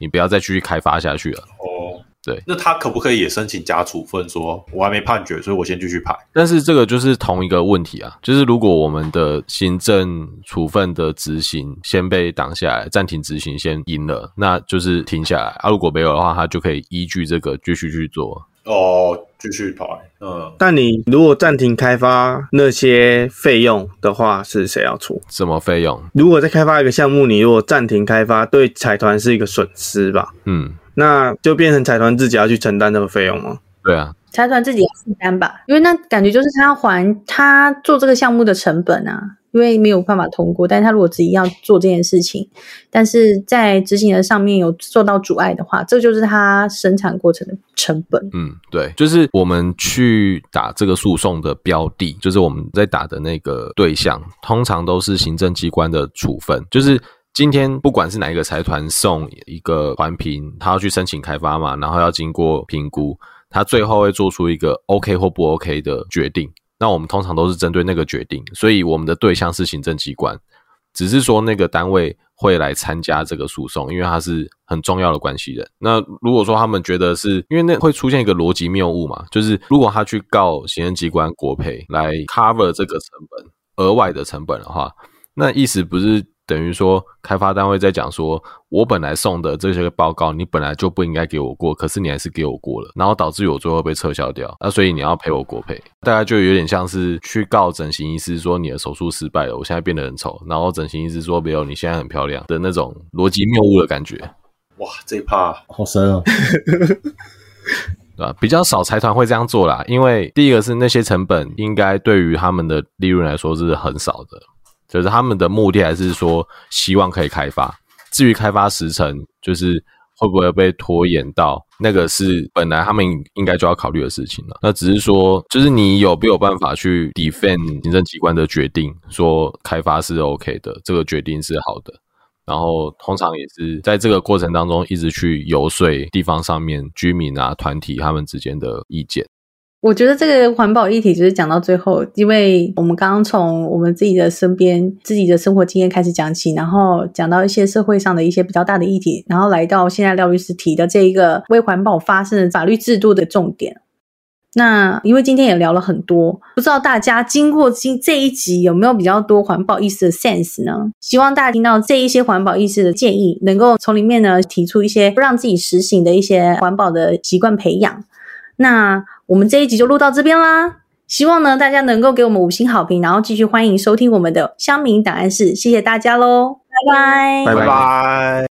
你不要再繼續開發下去了。哦，對，那他可不可以也申請假處分？說我還沒判決，所以我先繼續排。但是這個就是同一個問題啊，就是如果我們的行政處分的執行先被擋下來，暫停執行先贏了，那就是停下來啊。如果沒有的話，他就可以依據這個繼續去做。哦，繼續排。嗯，但你如果暫停開發那些費用的話，是誰要出？什麼費用？如果在開發一個項目，你如果暫停開發，對財團是一個損失吧？嗯，那就變成財團自己要去承擔這個費用嗎？對啊，財團自己要承擔吧，因為那感覺就是他要還他做這個項目的成本啊。因為沒有辦法通過，但是他如果執意要做這件事情，但是在執行的上面有受到阻礙的話，這就是他生產過程的成本。嗯，對,就是我們去打這個訴訟的標的，就是我們在打的那個對象，通常都是行政機關的處分。就是今天不管是哪一個財團送一個環評，他要去申請開發嘛，然後要經過評估，他最後會做出一個 OK 或不 OK 的決定。那我們通常都是針對那個決定，所以我們的對象是行政機關，只是說那個單位會來參加這個訴訟，因為他是很重要的關係人。那如果說他們覺得是，因為那會出現一個邏輯謬誤嘛，就是如果他去告行政機關國賠來 cover 這個成本，額外的成本的話，那意思不是？等於說，開發單位在講說，我本來送的這些報告，你本來就不應該給我過，可是你還是給我過了，然後導致我最後被撤銷掉。那、啊、所以你要賠我國賠，大家就有點像是去告整形醫師說你的手術失敗了，我現在變得很醜。然後整形醫師說沒有，你現在很漂亮的那種邏輯謬誤的感覺。哇，這一趴、啊、好深啊、哦，對吧？比較少財團會這樣做啦，因為第一個是那些成本應該對於他們的利潤來說是很少的。就是他們的目的還是說希望可以開發，至於開發時程，就是會不會被拖延到，那個是本來他們應該就要考慮的事情了。那只是說，就是你有沒有辦法去 defend 行政機關的決定，說開發是 OK 的，這個決定是好的。然後通常也是在這個過程當中一直去遊說地方上面居民啊、團體他們之間的意見。我覺得這個環保議題就是講到最後，因為我們剛剛從我們自己的身邊、自己的生活經驗開始講起，然後講到一些社會上的一些比較大的議題，然後來到現在廖律師提的這一個為環保發聲的法律制度的重點。那因為今天也聊了很多，不知道大家經過今這一集有沒有比較多環保意識的 sense 呢？希望大家聽到這一些環保意識的建議，能夠從裡面呢提出一些不讓自己實行的一些環保的習慣培養。那我們這一集就錄到這邊啦，希望呢大家能夠給我們五星好評，然後繼續歡迎收聽我們的《鄉民檔案室》，謝謝大家嘍，拜拜，拜拜。拜拜。